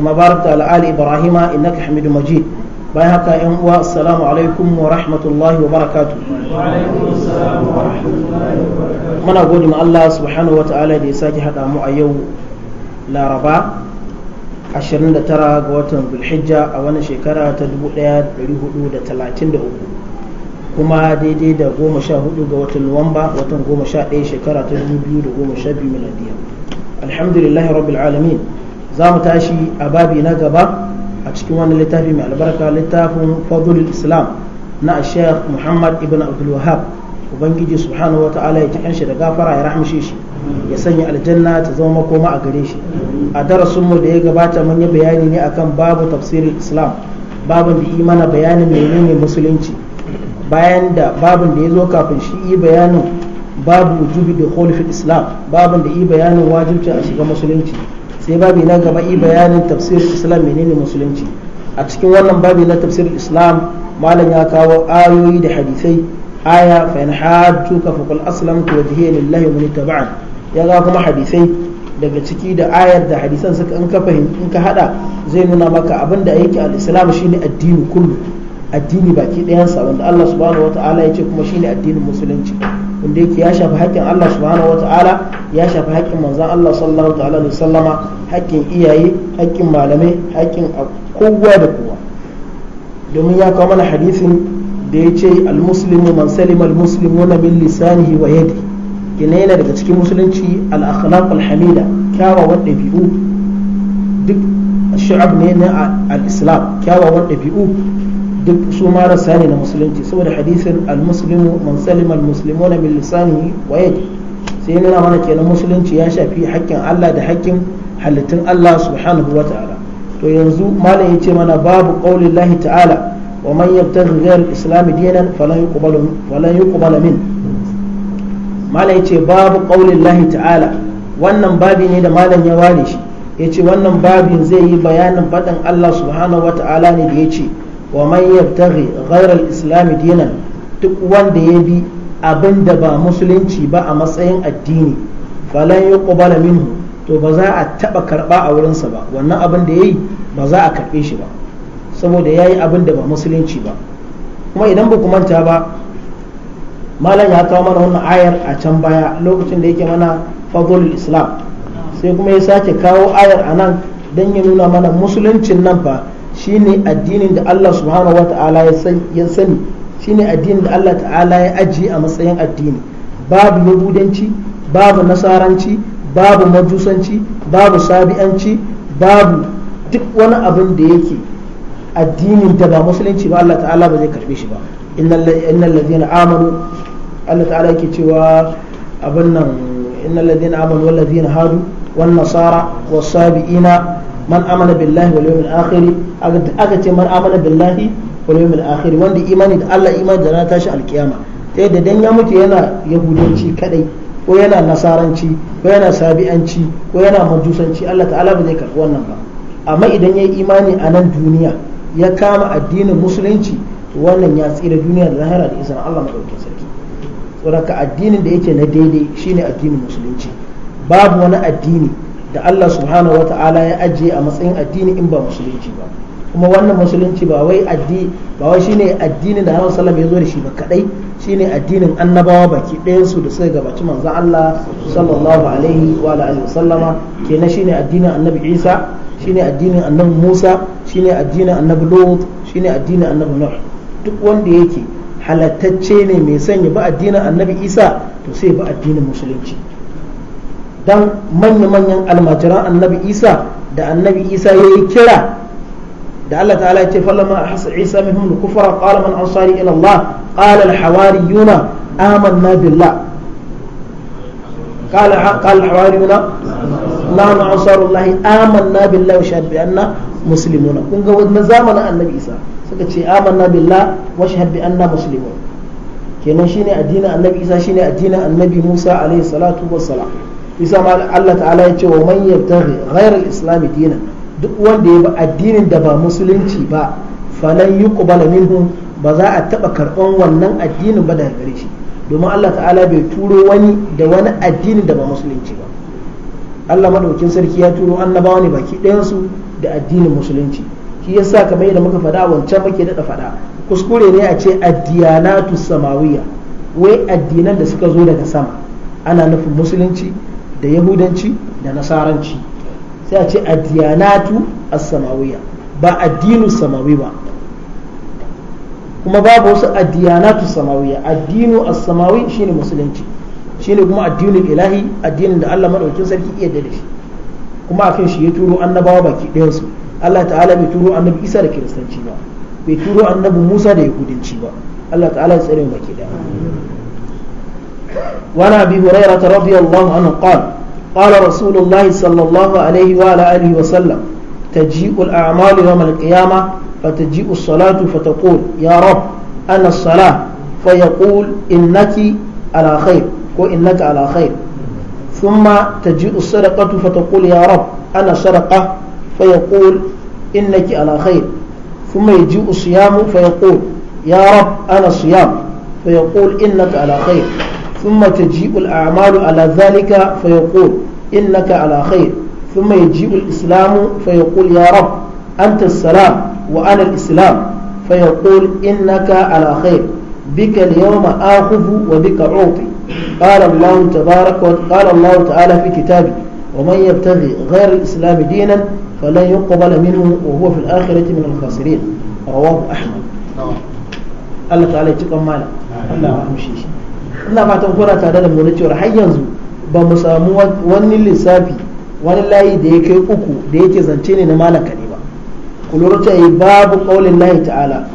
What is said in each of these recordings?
kama barakta ala ali ibrahim innaka hamidum majid bayan haka yan uwa assalamu alaikum wa rahmatullahi wa barakatuh muna gode ma Allah subhanahu wa ta'ala da ya sake hada mu a yau laraba 29 ga watan zulhijja a wannan shekara ta 1433 kuma daidai da 14 ga watan nuwamba watan 11 shekara ta 2012 miladiyya alhamdulillahi rabbil alamin za mu tashi a babi na gaba a cikin wani littafi mai albarka littafin fadlul islam na sheikh muhammad ibn abdul wahab ubangiji subhanahu wataala ya ci kanshi da gafara ya rahamshe shi ya sanya aljanna ta zama makoma a gare shi a darasin mu da ya gabata mun yi bayani ne akan babu tafsirin islam babin da imana bayanin menene musulunci bayan da babin da ya zo kafin shi yi bayanin babu wujubi da islam babin da yi bayanin wajibci a shiga musulunci sai babi na gaba i bayanin tafsirin islam menene musulunci a cikin wannan babi na tafsirin islam malam ya kawo ayoyi da hadisai aya fa in hajjuka fa qul aslamtu wajhiya lillahi wa ya ga kuma hadisai daga ciki da ayar da hadisan suka in ka fahimci in ka hada zai nuna maka abin da yake al-islam shine addini kullu addini baki ɗayansa wanda Allah subhanahu ta'ala ya ce kuma shine addinin musulunci wanda yake ya shafi haƙƙin Allah subhanahu ta'ala ya shafi haƙƙin manzan Allah sallallahu ta'ala da sallama haƙƙin iyaye haƙƙin malamai haƙƙin kowa da kowa domin ya kawo mana hadisin da ya ce almuslimu man salima almuslimuna min lisanihi wa yadi kina yana daga cikin musulunci al-akhlaq al-hamida kyawawan ɗabi'u duk shi'ab ne na al-islam kyawawan ɗabi'u duk su marasa ne na musulunci saboda hadisin almuslimu man salima almuslimuna min lisanihi wa yadi sai nuna mana kenan musulunci ya shafi haƙƙin Allah da haƙƙin halittun Allah subhanahu wa ta'ala to yanzu malam ya ce mana babu qaulin lahi ta'ala wa man yabtaghi ghayra al-islam dinan falan yuqbalu falan yuqbala min malam ya ce babu qaulin lahi ta'ala wannan babi ne da malam ya ware shi ya ce wannan babin zai yi bayanin faɗin Allah subhanahu wa ta'ala ne da ya ce wa man yabtaghi ghayra al-islam duk wanda ya bi abinda ba musulunci ba a matsayin addini falan yuqbala minhu to ba za a taba karba a wurinsa ba wannan abinda ya yayi ba za a karbe shi ba saboda yayi abin da ba musulunci ba kuma idan ba ku manta ba malam ya kawo mana wannan ayar a can baya lokacin da yake mana fadlul islam sai kuma ya sake kawo ayar a nan don ya nuna mana musuluncin nan fa shine addinin da Allah subhanahu wa ta'ala ya sani shine addinin da Allah ta'ala ya ajiye a matsayin addini babu yahudanci babu nasaranci babu majusanci babu sabi'anci babu duk wani abin da yake addinin da ba musulunci ba Allah ta'ala ba zai karbe shi ba innal ladina amanu Allah ta'ala yake cewa abin nan innal ladina amanu wal ladina hadu wan nasara was sabiina man amana billahi wal yawmil akhir aka ce man amana billahi wal yawmil akhir wanda imani da Allah imani da ranar tashi alkiyama ta yadda dan ya mutu yana yahudanci kadai ko yana nasaranci ko yana sabi'anci ko yana majusanci Allah ta'ala ba zai karɓi wannan ba amma idan ya yi imani a nan duniya ya kama addinin musulunci to wannan ya tsira duniya da lahira da izinin Allah madaukakin sarki saboda addinin da yake na daidai shine addinin musulunci babu wani addini da Allah subhanahu wa ta'ala ya ajiye a matsayin addini in ba musulunci ba kuma wannan musulunci ba wai addini ba wai shine addinin da Annabi sallallahu alaihi wasallam ya zo da shi ba kadai shine addinin annabawa baki ɗayan su da suka gabaci manzon Allah sallallahu alaihi wa alihi sallama kenan shine addinin Annabi Isa shine addinin Annabi Musa shine addinin Annabi Lut shine addinin Annabi Nuh duk wanda yake halattacce ne mai sanya ba addinin Annabi Isa to sai ba addinin musulunci dan manya-manyan almajiran annabi isa da annabi isa ya yi kira da Allah ta'ala ya ce falama hasa isa minhum kufra qala man ansari ila Allah qala al hawariyuna amanna billah قال قال الحواريون نحن انصار الله امنا بالله وشهد باننا musulmuna كون ga wannan zamanin annabi isa suka ce amanna billah wa shahad bi anna musulmuna kenan shine addinin annabi isa shine addinin annabi musa alaihi salatu wassalam isa ma Allah ta'ala ya ce wa man yattabi ghayra islam dinan duk wanda ya bi addinin da ba musulunci ba falan yuqbal minhu ba za a taba karban wannan addinin ba daga gare shi domin Allah ta'ala bai turo wani da wani addinin da ba musulunci ba Allah madaukin sarki ya turo annabawa ne baki ɗayan su da addinin musulunci shi yasa kamar yadda muka faɗa wancan muke daɗa faɗa kuskure ne a ce addiyanatu samawiyya wai addinan da suka zo daga sama ana nufin musulunci da yahudanci da nasaranci sai a ce adiyanatu as-samawiyya ba addinu samawi ba kuma babu wasu adiyanatu samawiyya addinu as-samawi shine musulunci shine kuma addinin ilahi addinin da Allah madaukin sarki iya da shi kuma kan shi ya turo annabawa baki ɗayan su Allah ta'ala bai turo annabi Isa da kiristanci ba bai turo annabi Musa da yahudanci ba Allah ta'ala ya tsare baki ɗaya وعن أبي هريرة رضي الله عنه قال قال رسول الله صلى الله عليه وعلى آله وسلم تجيء الأعمال يوم القيامة فتجيء الصلاة فتقول يا رب أنا الصلاة فيقول إنك على خير وإنك على خير ثم تجيء السرقة فتقول يا رب أنا سرقة فيقول إنك على خير ثم يجيء الصيام فيقول يا رب أنا صيام فيقول إنك على خير ثم تجيء الأعمال على ذلك فيقول إنك على خير ثم يجيء الإسلام فيقول يا رب أنت السلام وأنا الإسلام فيقول إنك على خير بك اليوم آخذ وبك أعطي قال الله تبارك قال الله تعالى في كتابه ومن يبتغي غير الإسلام دينا فلن يقبل منه وهو في الآخرة من الخاسرين رواه أحمد الله تعالى يتقبل ماله الله أمشي ina fatan kuna tare da mu na cewa har yanzu ba mu samu wani lissafi wani layi da ya kai uku da yake zance ne na malam kaɗai ba ku lura ta yi babu ƙaulin layi ta'ala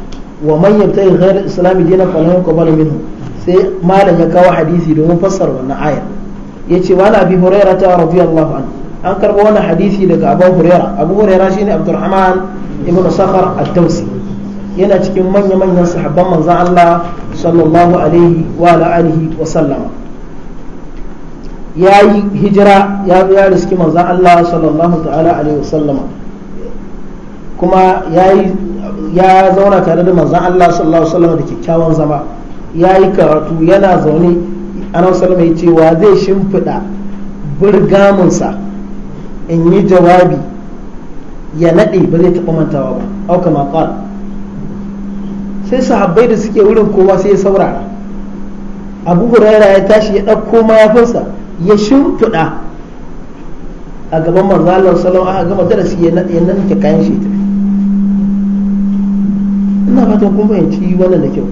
wa man yabtahi ghayra islami dinan falan yuqbalu minhu sai malam ya kawo hadisi domin fassara wannan aya yace wa na abi hurairah ta radiyallahu anhu an karba wannan hadisi daga abu hurairah abu hurairah shine abdurrahman ibn sakhar al tausi yana cikin manya-manyan sahabban manzan Allah sallallahu alaihi wa alihi wa sallama ya yi hijira ya zo ya riski manzan Allah sallallahu ta'ala alaihi wa sallama kuma ya zauna tare da manzan Allah sallallahu alaihi wa sallama da kyakkyawan zama ya yi karatu yana zaune ana sallama ya ce wa zai shimfiɗa burgamunsa in yi jawabi ya naɗe ba zai taɓa mantawa ba auka maƙal sai sahabbai da suke wurin kowa sai ya saura abu huraira ya tashi ya ɗauko mayafinsa ya shimfiɗa a gaban manzo salon a gama darasi ya nanke kayan shi ta ina fatan kun fahimci wannan da kyau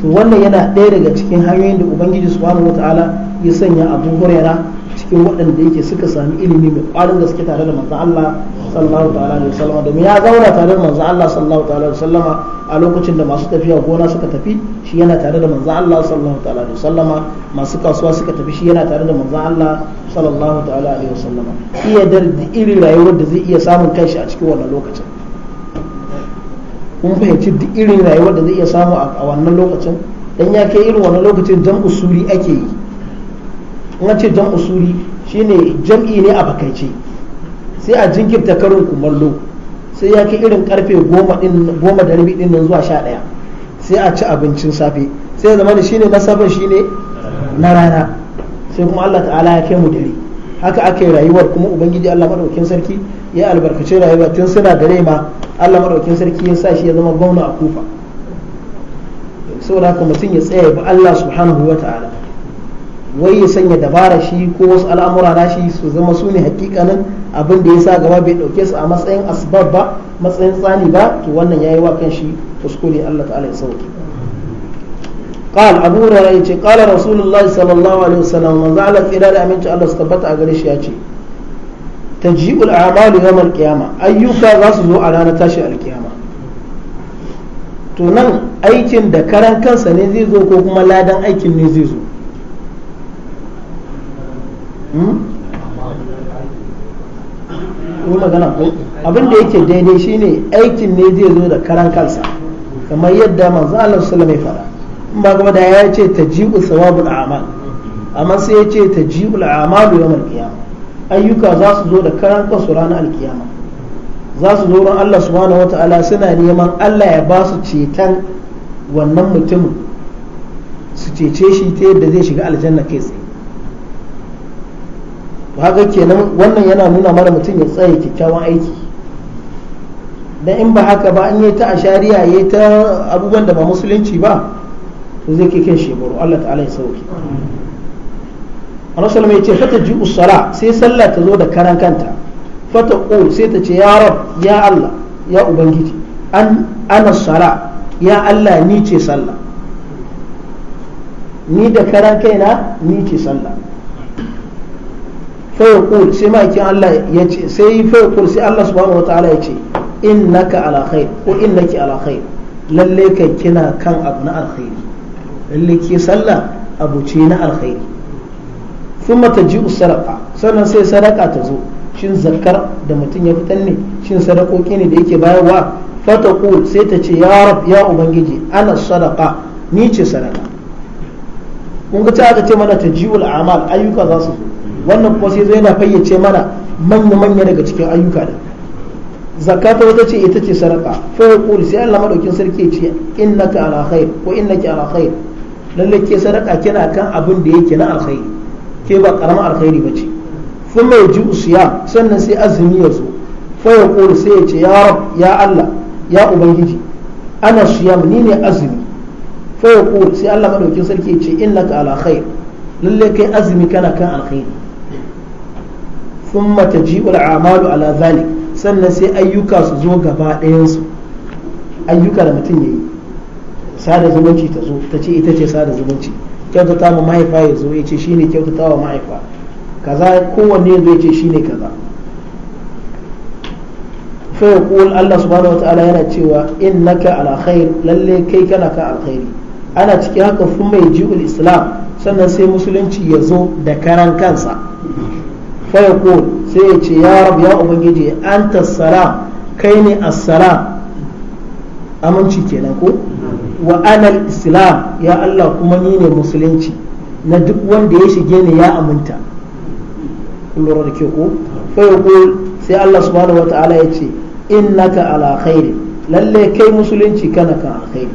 to wannan yana ɗaya daga cikin hanyoyin da ubangiji subhanahu wataala ya sanya abu huraira cikin waɗanda yake suka sami ilimi mai ƙwarin suke tare da manzo Allah sallallahu ta'ala alaihi sallama domin ya zauna tare da manzo Allah sallallahu ta'ala alaihi sallama a lokacin da masu tafiya gona suka tafi shi yana tare da manzo Allah sallallahu ta'ala alaihi sallama masu kasuwa suka tafi shi yana tare da manzo Allah sallallahu ta'ala alaihi sallama. iya da irin rayuwar da zai iya samun kanshi a cikin wannan lokacin kun fahimci duk irin rayuwar da zai iya samu a wannan lokacin dan ya kai irin wannan lokacin dan usuri ake yi in ce dan usuri shine jam'i ne a bakaice sai a jinkirta karin kumallo sai ya kai irin karfe goma da rabi din nan zuwa sha ɗaya sai a ci abincin safe sai zama ne shine na safen shine na rana sai kuma Allah ta'ala ya kai mu dare haka ake rayuwar kuma ubangiji Allah madaukakin sarki ya albarkace rayuwa tun suna dare ma Allah madaukakin sarki ya sa shi ya zama gwamna a kufa saboda haka mutum ya tsaya ba Allah subhanahu wa ta'ala wai ya sanya dabara shi ko wasu al'amura na shi su zama su ne hakikanin abin da ya sa gaba bai dauke su a matsayin asbab ba matsayin tsani ba to wannan yayi wa kan shi kuskure Allah ta'ala ya sauke قال أبو هريرة يجي قال رسول الله صلى الله عليه وسلم من زعل إرادة أمين الله استبت أغريش يجي تجيء الأعمال يوم القيامة أيك غصب على نتاشى القيامة to nan aikin da karan kansa ne zai zo ko kuma ladan aikin ne zai zo Hmm? magana abin da yake daidai shine aikin ne zai zo da karan kansa kamar yadda manzo Allah sallallahu alaihi faɗa in ba gaba da ya ce tajibu sawabul a'mal amma sai ya ce tajibul a'malu yawmal qiyamah ayyuka za su zo da karan kansu ranar alkiyama za su zo ran Allah subhanahu wataala suna neman Allah ya ba su cetan wannan mutumin su cece shi ta yadda zai shiga aljanna kai haka kenan wannan yana nuna mana mutum ya tsaye kyakkyawan aiki dan in ba haka ba an yi ta ashariya yi ta abubuwan da ba musulunci ba to zai kai kan shekaru Allah ta'ala ya sauke Rasul mai ce fata ji usara sai sallah ta zo da karan kanta fata o sai ta ce ya rab ya Allah ya ubangiji an ana ya Allah ni ce sallah ni da karan kaina ni ce sallah fayaqul sai ma'aikin Allah ya ce sai fayaqul sai Allah subhanahu wataala ya ce naka ala khair ko innaki ala khair lalle kai kina kan abu na alkhairi lalle ke sallah abu ce na alkhairi thumma taji'u sadaqa sannan sai sadaka ta zo shin zakar da mutum ya fitar ne shin sadakoki ne da yake bayarwa fatakul sai ta ce ya rab ya ubangiji ana sadaka ni ce sadaka kun ga ta aka ce mana taji'ul a'mal ayyuka za su zo wannan kuma sai zo yana fayyace mana manya-manya daga cikin ayyuka da zakka ta wata ce ita ce sadaka fa yaqulu sai Allah maɗaukin sarki ya ce innaka ala khair ko innaki ala khair lallai ke sadaka kina kan abin da yake na alkhairi ke ba karamar alkhairi bace thumma yaji'u siyam sannan sai azumi ya zo fa yaqulu sai ya ce ya rab ya Allah ya ubangiji ana siyam ni ne azumi fa yaqulu sai Allah maɗaukin sarki ya ce innaka ala khair lallai kai azumi kana kan alkhairi mata taji'ul a'malu ala zalik sannan sai ayyuka su zo gaba ɗayansu ayyuka da mutum ya yi sada zumunci ta zo ta ce ita ce sada zumunci kyautata ma mahaifa ya zo ya ce shine kyautata wa mahaifa kaza kowanne ya zo ya ce shine kaza fa yaqul Allah subhanahu wataala yana cewa innaka ala khair lalle kai kana ka alkhairi ana cikin haka fun mai ji'ul islam sannan sai musulunci ya zo da karan kansa fa sai ya ce ya rabu ya ubangiji anta salam kai ne assalam aminci kenan ko wa islam ya Allah kuma ni ne musulunci na duk wanda ya shige ni ya aminta kullum da ke ku. fa sai Allah wata ala ya ce innaka ala khairi lalle kai musulunci kana kan alkhairi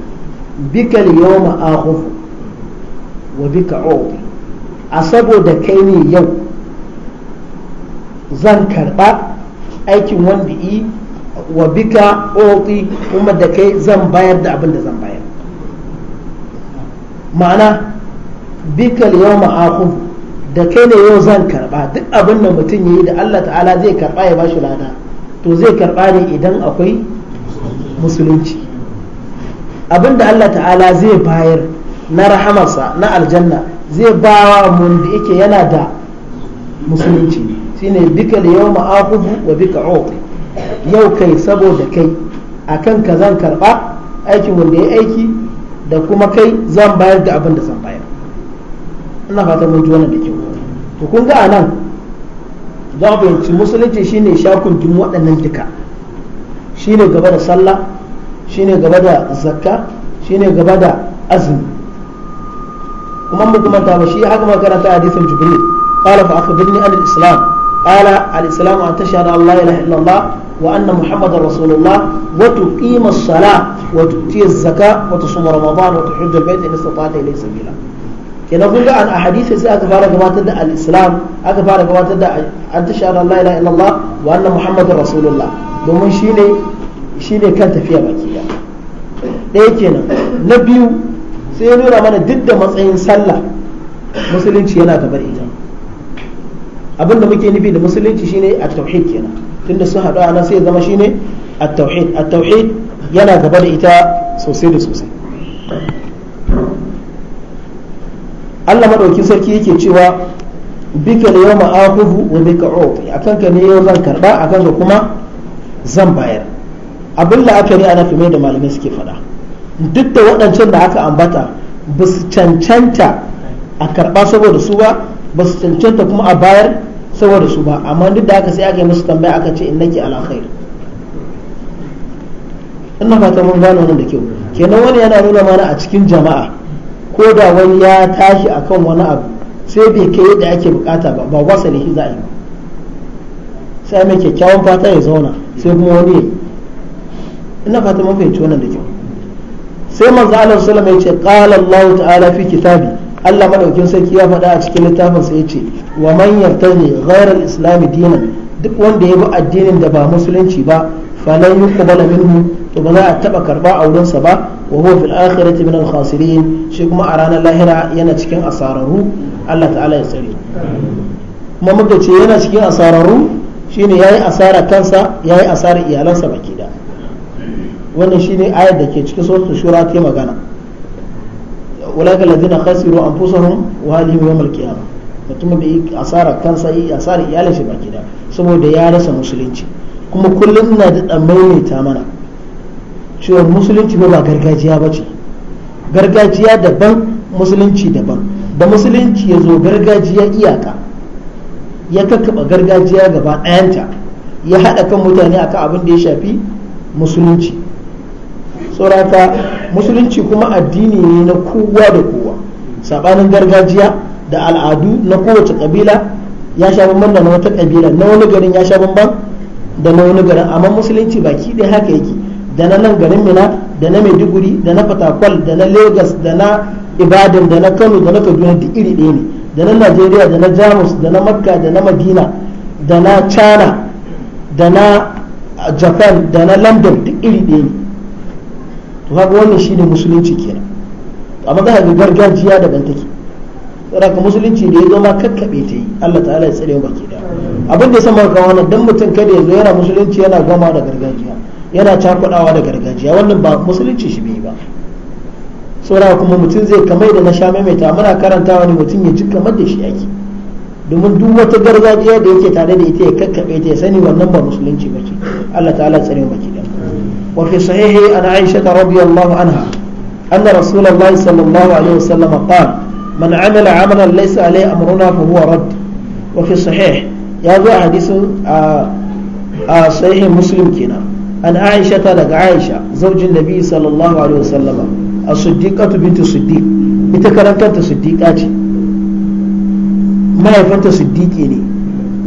bika yawma akhufu wa bika a saboda kai ne yau zan karɓa aikin wanda yi wa bika oti kuma da kai zan bayar da abin da zan bayar ma'ana bika yau ma'akun da kai ne yau zan karɓa duk abin da mutum ya yi da Allah ta'ala zai karɓa ya ba shi lada to zai karɓa ne idan akwai musulunci abin da Allah ta'ala zai bayar na rahamarsa na aljanna zai bawa mun da yake yana da musulunci shine bika da yau ma'akufu wa bika ofi yau kai saboda kai a kan ka zan karɓa aikin wanda ya aiki da kuma kai zan bayar da abin da zan bayar ina fata mun ji wannan da kyau to kun ga anan za ku fahimci musulunci shine shakun dun waɗannan duka shine gaba da sallah shine gaba da zakka shine gaba da azumi kuma mu kuma ta ba shi haka makaranta hadisin jibril qala fa akhbirni an al-islam قال عليه السلام أن تشهد أن لا إله إلا الله وأن محمد رسول الله وتقيم الصلاة وتؤتي الزكاة وتصوم رمضان وتحج البيت إن استطعت إليه سبيلا kenan kun ga an a hadisi sai aka fara gabatar da al-islam aka fara gabatar da an tashhadu an la ilaha wa anna muhammadar rasulullah domin shine kan tafiya baki da ɗaya kenan na biyu sai ya nuna mana duk da matsayin sallah musulunci yana ta da ita abin da muke nufi da musulunci shine a tauhid kenan tunda sun haɗu ana sai ya zama shine a tauhid a tauhid yana gaba da ita sosai da sosai Allah madaukin sarki yake cewa bika da yau ma'akuhu wa bika uti akan ka ne yau zan karba akan ka kuma zan bayar abin la'akari ana fime da malamai suke faɗa duk da waɗancan da aka ambata ba cancanta a karɓa saboda su ba ba su cancanta kuma a bayar saboda su ba amma duk da haka sai aka yi musu tambaya aka ce in nake alakhair ina fata mun gano nan da kyau kenan wani yana nuna mana a cikin jama'a ko da wani ya tashi akan wani abu sai bai kai yadda ake bukata ba ba wasa ne shi za a yi sai mai kyakkyawan fata ya zauna sai kuma wani ina fata mun fahimci wannan da kyau sai manzo Allah sallallahu alaihi wasallam ya ce qala Allah ta'ala fi kitabi Allah madaukin sarki ya faɗa a cikin littafin sa yace wa man yartaji ghayra al-islam dinan duk wanda ya bi addinin da ba musulunci ba falan yuqbala minhu to ba za a taba karba a wurin sa ba wa huwa fil akhirati min al-khasirin shi kuma a ranar lahira yana cikin asararu Allah ta'ala ya tsare kuma muka ce yana cikin asararu shine yayi asara kansa yayi asara iyalansa baki da wannan shine ayar da ke cikin suratul shura ta magana ولكن الذين خسروا أنفسهم وأهلهم يوم القيامة mutumin da yi asara kansa yi asara iyalin shi baki da saboda ya rasa musulunci kuma kullum na da maimaita mana cewa musulunci ba gargajiya ba ce gargajiya daban musulunci daban da musulunci ya zo gargajiya iyaka ya kakkaba gargajiya gaba ɗayanta ya haɗa kan mutane akan abin da ya shafi musulunci sauraka musulunci kuma addini ne na kowa da kowa sabanin gargajiya da al'adu na kowace kabila ya sha bamban da na wata kabila na wani garin ya sha bamban da na wani garin amma musulunci baki ɗaya haka yake da na nan garin mina da na maiduguri da na fatakwal da na lagos da na ibadan da na kano da na kaduna duk iri ɗaya ne da na najeriya da na jamus da na makka da na madina da na china da na japan da na london duk iri ɗaya ne to kaga wannan shine musulunci kenan amma za ga gargajiya daban take ka musulunci da ya zo ma kakkabe ta yi Allah ta'ala ya tsare baki da abin da ya samar kawo wannan dan mutum kada ya zo yana musulunci yana gama da gargajiya yana cakudawa da gargajiya wannan ba musulunci shi bai ba da kuma mutum zai kamar da na sha maimaita muna karantawa ne mutum ya ji kamar da shi ake domin duk wata gargajiya da yake tare da ita ya kakkaɓe ta ya sani wannan ba musulunci ba ce Allah ta'ala tsare baki وفي صحيح عن عائشة رضي الله عنها أن رسول الله صلى الله عليه وسلم قال من عمل عملا ليس عليه أمرنا فهو رد وفي الصحيح هذا حديث آآ آآ صحيح مسلم كنا أن عائشة لك عائشة زوج النبي صلى الله عليه وسلم الصديقة بنت الصديق بتكرم كانت صديقات ما يفنت صديقي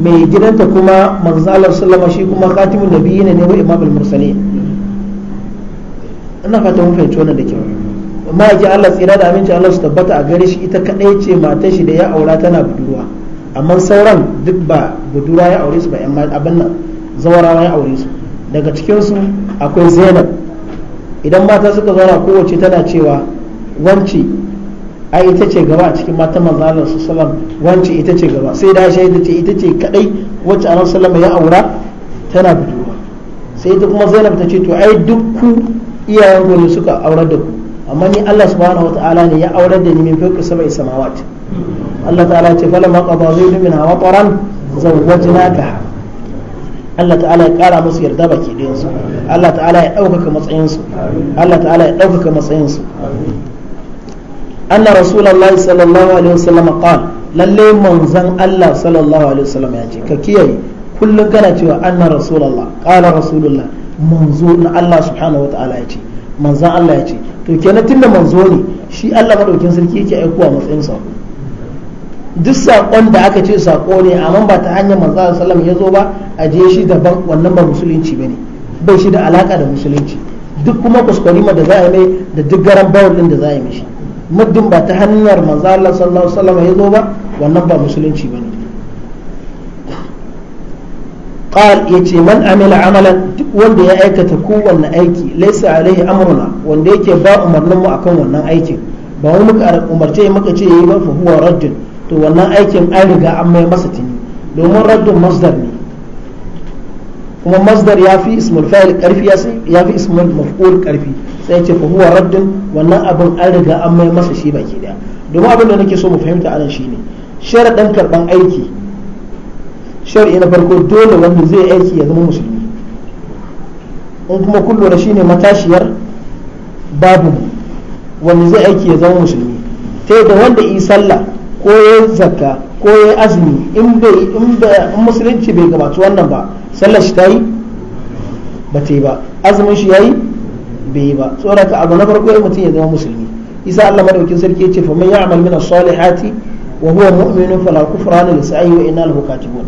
ne mai gidanta kuma manzo Allah sallama shi kuma khatimul nabiyyin ne wa imamul mursalin ina fata mun fahimci wannan da kyau amma yake Allah tsira da aminci Allah su tabbata a gare shi ita kadai ce matar shi da ya aura tana budurwa amma sauran duk ba budurwa ya aure su ba amma abin nan zawarawa ya aure su daga cikin su akwai Zainab idan mata suka zauna kowace tana cewa wance a ita ce gaba a cikin matan manzo su sallam wance ita ce gaba sai da shi ita ce ita ce kadai wacce Allah sallallahu ya aura tana budurwa sai ita kuma Zainab ta ce to ai duk ku iyayen ku suka aurar da ku amma ni Allah subhanahu wataala ne ya aurar da ni min fawqi sab'i samawat Allah ta'ala ce falamma qada zaydun minha wataran zawwajnaka Allah ta'ala ya kara musu yarda baki ɗayan su Allah ta'ala ya ɗaukaka matsayin su Allah ta'ala ya ɗaukaka matsayin su anna rasulullahi sallallahu alaihi wasallam qala lalle manzon Allah sallallahu alaihi wasallam ya ce ka kiyaye kullum kana cewa anna rasulullah qala rasulullah manzo na Allah subhanahu wa ta'ala ya ce manzan Allah ya ce to kenan tunda manzo ne shi Allah madaukin sarki yake aikowa matsayin sako duk sakon da aka ce sako ne amma ba ta hanyar manzo sallallahu alaihi ya zo ba a je shi daban wannan ba musulunci bane bai shi da alaka da musulunci duk kuma kuskurima da za a yi mai da duk garan bawul din da za a yi mishi muddin ba ta hanyar manzo Allah sallallahu alaihi wasallam ya zo ba wannan ba musulunci bane قال يتي من عمل duk wanda ya aikata kowanne aiki laisa alaihi amruna wanda yake ba umarnin mu akan wannan aikin ba wani muka umarce muka ce yayi ba fa huwa raddun to wannan aikin an riga an mai masa tuni domin masdar ne kuma masdar ya fi ismul fa'il karfi ya fi ismul maf'ul karfi sai ce fa huwa raddun wannan abin an riga an mai masa shi baki daya domin abin da nake so mu fahimta anan shine sharadin karban aiki shar'i na farko dole wanda zai aiki ya zama musulmi in kuma kullu da shine matashiyar babu wanda zai aiki ya zama musulmi ta yadda wanda yi sallah ko ya zakka ko ya azumi in bai in musulunci bai gabatu wannan ba sallar shi ta yi ba ta yi ba azumin shi yayi bai yi ba ka abu na farko ya mutum ya zama musulmi isa Allah madaukin sarki ya ce fa man ya min as-salihati wa huwa mu'minun fala kufrana li wa inna lahu katibun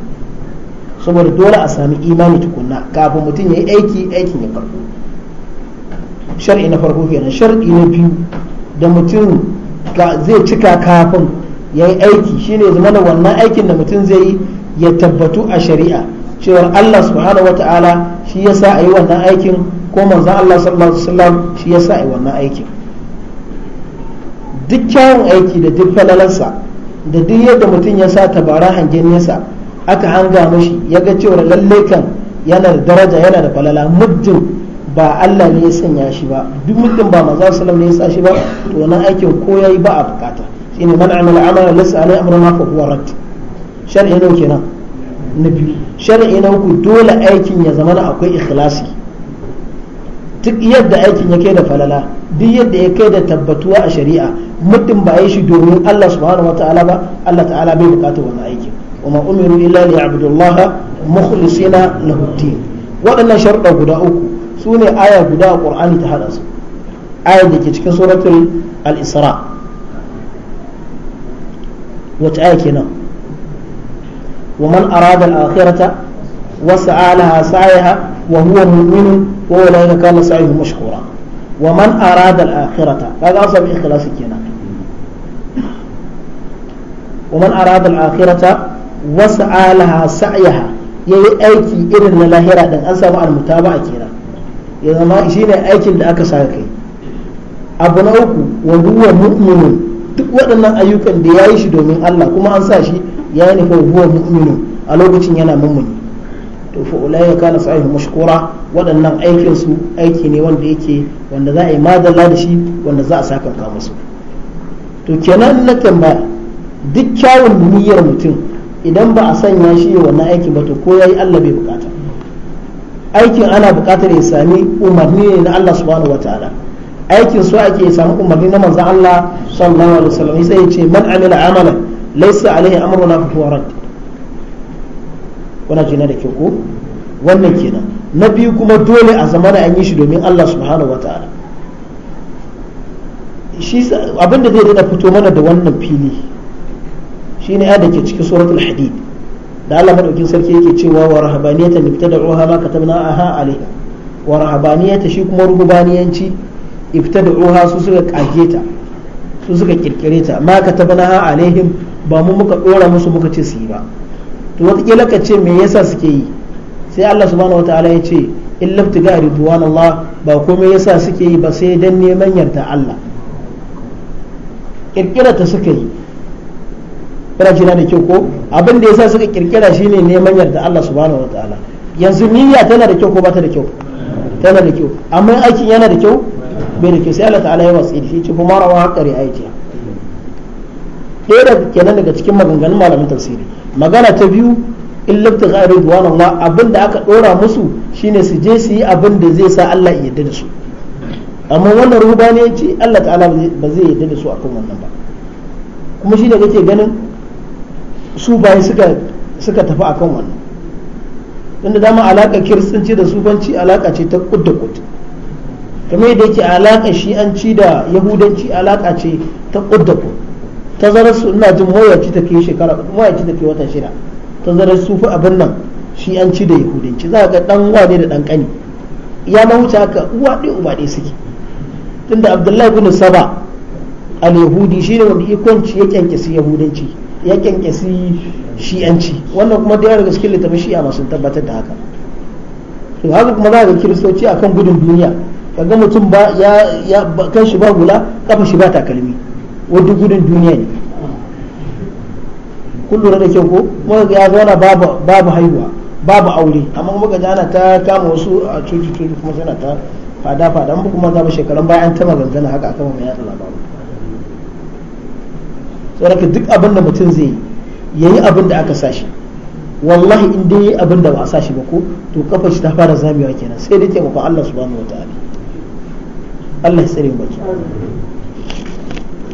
saboda dole a sami imani tukunna kafin mutum ya yi aiki aikin ya farko shar'i na farko kenan shar'i na biyu da mutum zai cika kafin ya yi aiki shine zama da wannan aikin da mutum zai yi ya tabbatu a shari'a cewar Allah subhanahu ta'ala shi ya sa a yi wannan aikin ko manzan Allah sallallahu alaihi wasallam shi ya sa a yi wannan aikin duk kyawun aiki da duk falalarsa da duk yadda mutum ya sa tabaran hangen nesa aka hanga mashi ya ga cewa lalle kan yana da daraja yana da falala muddin ba Allah ne ya sanya shi ba duk muddin ba manzo sallallahu alaihi wasallam ne ya sa shi ba to wannan aikin ko yayi ba a bukata shine man amala amalan laysa alaihi amruna fa huwa rad shar'i ne kenan na biyu shar'i na uku dole aikin ya zama akwai ikhlasi duk yadda aikin ya kai da falala duk yadda ya kai da tabbatuwa a shari'a muddin ba yi shi domin Allah subhanahu wataala ba Allah ta'ala bai bukata wannan aiki وما أمروا إلا ليعبدوا الله مخلصين له الدين وأن شرط غداؤك سوني آية غداء القرآن تهدى آية دي cikin سورة الإسراء وتآية كنا ومن أراد الآخرة وسعى لها سعيها وهو مؤمن وأولئك كان سعيه مشكورا ومن أراد الآخرة هذا أصل إخلاص كنا ومن أراد الآخرة wasu alaha sa'yaha ya yi aiki irin na lahira ɗin an samu almutaba a kenan ya zama shi ne aikin da aka sa kai abu na uku wa huwa duk waɗannan ayyukan da ya yi shi domin Allah kuma an sa shi ya yi nufa huwa mu'minin a lokacin yana mummuni to fa ulai kana sa'ihu mashkura waɗannan aikin su aiki ne wanda yake wanda za a yi madalla da shi wanda za a saka musu to kenan na tambaya duk kyawun niyyar mutum idan ba a sanya shi yi wannan aikin ba to ko yayi Allah bai bukata aikin ana bukatar ya sami umarni ne na Allah subhanahu wataala aikin so ake ya sami umarni na manzon Allah sallallahu alaihi wasallam sai ya ce man amila amalan laysa alaihi amruna fa huwa rad wannan jina da ke ko wannan kenan na biyu kuma dole a zama da an yi shi domin Allah subhanahu wataala shi abinda zai dada fito mana da wannan fili shine ya da ke cikin suratul hadid da Allah madaukin sarki yake cewa wa rahabaniyatan ibtada'uha ma katabna aha alaiha wa rahabaniyata shi kuma rububaniyanci ibtada'uha su suka kage ta su suka kirkire ta ma katabna alaihim ba mu muka dora musu muka ce su yi ba to wataƙila ka ce me yasa suke yi sai Allah subhanahu wataala ya ce in labtiga ridwan Allah ba komai yasa suke yi ba sai dan neman yarda Allah kirkira ta suka yi kuna jina da kyau ko abin da yasa suka kirkira shine neman yarda Allah subhanahu wataala yanzu niyya tana da kyau ko ba ta da kyau tana da kyau amma aikin yana da kyau bai da kyau sai Allah ta'ala ya watsi da shi ce kuma rawa haƙari aiki ɗaya da kenan daga cikin maganganun malamin tafsiri magana ta biyu in labta ghairi Allah abin da aka ɗora musu shine su je su yi abin da zai sa Allah ya yarda da su amma wannan ruba ne ce Allah ta'ala ba zai yarda da su akan wannan ba kuma shi da kake ganin su bayi suka tafi akan wannan inda dama alaƙa kiristanci da sufanci alaƙa ce ta kud da kud kamar yadda yake alaƙa shi'anci da yahudanci alaƙa ce ta kud da kud tazarar su ina jin mawuyaci ta ke shekara mawuyaci ta ke wata shida tazarar su fi abin nan shi'anci da yahudanci za ga dan wane da dan kani ya ma wuce haka uwa ɗaya uba ɗaya suke tunda abdullahi bin saba al-yahudi shine wanda ikonci ya kyankyasi yahudanci ya kyankyasi shi'anci wannan kuma da daga cikin littafin shi'a masu tabbatar da haka to haka kuma za ga kiristoci a kan gudun duniya kaga mutum ba ya ya kan shi ba hula kafa shi ba takalmi wadda gudun duniya ne kun lura da kyau ko kuma ya zauna babu babu haihuwa babu aure amma kuma ga ana ta kama wasu a cuci cuci kuma suna ta fada fada kuma za mu shekaran bayan ta magangana haka akan mai yadda labaru saboda duk abin da mutum zai yayi abin da aka sashi wallahi in dai yayi abin da ba a sashi ba ko to kafar shi ta fara zamewa kenan sai dai taimakon Allah subhanahu wataala Allah ya tsare baki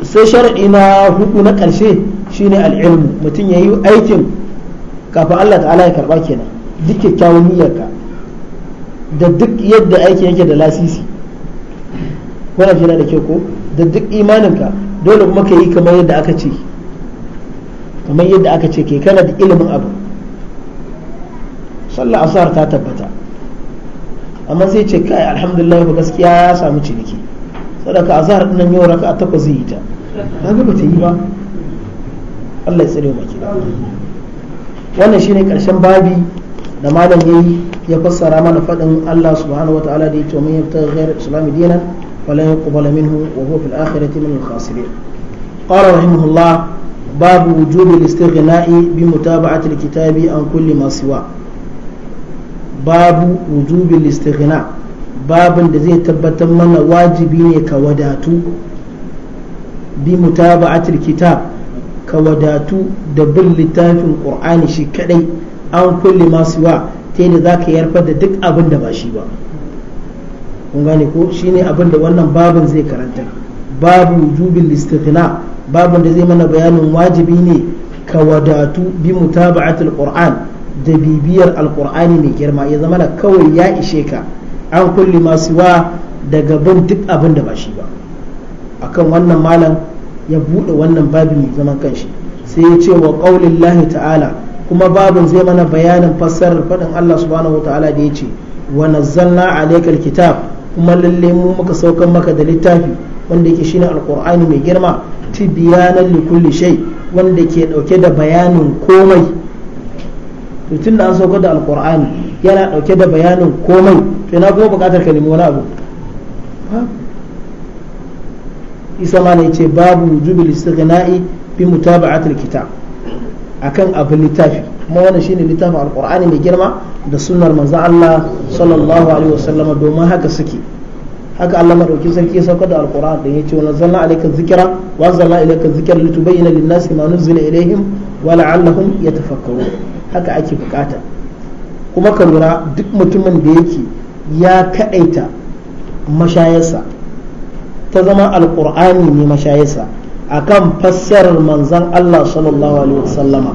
sai sharadi na hudu na karshe shine al'ilmu mutum yayi aikin kafin Allah ta'ala ya karba kenan duk kyakkyawan niyyarka da duk yadda aikin yake da lasisi wannan shi da ke ko da duk imaninka dole kuma ka yi kamar yadda aka ce kamar yadda aka ce ke kana da ilimin abu sallah asar ta tabbata amma sai ce kai alhamdulillah ba gaskiya ya samu ciniki sadaka azhar din nan yau raka takwas zai yi ta kaga ba ta yi ba Allah ya tsare mu baki wannan shine karshen babi da malam yayi ya fassara mana fadin Allah subhanahu wataala da ya ce mun yabta ghayr islami dinan ولا يقبل منه وهو في الآخرة من الخاسرين قال رحمه الله باب وجوب الاستغناء بمتابعة الكتاب عن كل ما سواه باب وجوب الاستغناء باب da zai tabbatar mana wajibi ne ka wadatu bi mutaba'atul kitab ka wadatu da bin littafin qur'ani shi kadai an kulli ma siwa ta yadda zaka yarfar da duk abin da ba shi ba kun gane ko ne abin da wannan babin zai karanta babu wujubin istighna babin da zai mana bayanin wajibi ne ka wadatu bi mutaba'atul qur'an da bibiyar alqur'ani mai girma ya zama da kawai ya ishe ka an kulli masu wa daga bin duk abin da ba shi ba akan wannan malam ya buɗe wannan babin mai zaman kanshi sai ya ce wa qaulin lahi ta'ala kuma babin zai mana bayanin fassarar faɗin Allah subhanahu wa ta'ala da ya ce wa nazzalna alaikal kitab kuma lalle mu muka saukar maka da littafi wanda yake shine alqur'ani mai girma tibyanan li kulli shay wanda ke dauke da bayanin komai to tun da an saukar da alqur'ani yana dauke da bayanin komai to ina kuma bukatar ka nemi wani abu isa ma ne ce babu wujubil istighna'i bi mutaba'atil kitab akan abin littafi kuma wannan shine littafin alqur'ani mai girma da sunnar manzon Allah sallallahu alaihi Wasallama domin haka suke haka Allah madauki sarki ya saukar da alqur'ani dan yace wa nazzalna alayka dhikra wa anzalna ilayka dhikra litubayyana lin-nasi ma nuzila ilayhim wa la'allahum yatafakkarun haka ake bukata kuma ka lura duk mutumin da yake ya kadaita mashayarsa ta zama alqur'ani ne mashayarsa akan fassarar manzan Allah sallallahu alaihi wasallama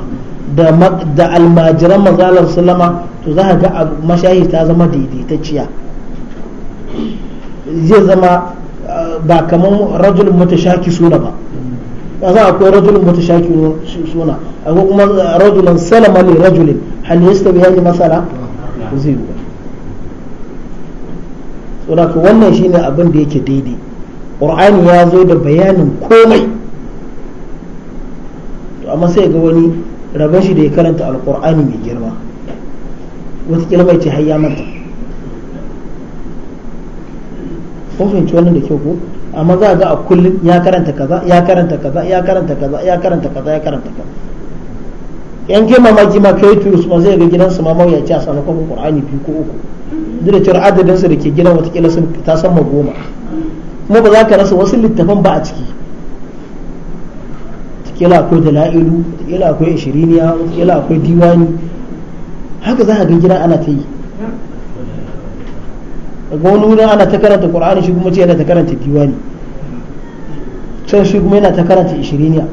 da almajiran manzan Allah sallama to za ga mashayi ta zama daidaitacciya zai zama uh, ba kamar rajulun mutashaki suna ba ba za akwai rajulun mutashaki suna akwai kuma rajulun salama ne rajulun hal yasta bi hadi masala zai yi saboda wannan shine abin da yake daidai qur'ani ya zo da bayanin komai amma sai ga wani rabon shi da ya karanta alkur'ani mai girma wataƙila bai ce hayya manta ko fahimci wannan da kyau ko amma za a ga a kullum ya karanta kaza ya karanta kaza ya karanta kaza ya karanta kaza ya karanta kaza yan ke mamaki ma kai turus ma zai ga gidan su ma mawuya ce a sanakon qur'ani biyu ko uku duk da cewa adadin su da ke gidan watakila sun ta sama goma kuma ba za ka rasa wasu littafan ba a ciki kila akwai dala'ilu kila akwai ishiriniya kila akwai diwani haka za a ga gida ana ta yi ga wani wurin ana ta karanta qur'ani shi kuma ce yana ta karanta diwani can shi kuma yana ta karanta ishiriniya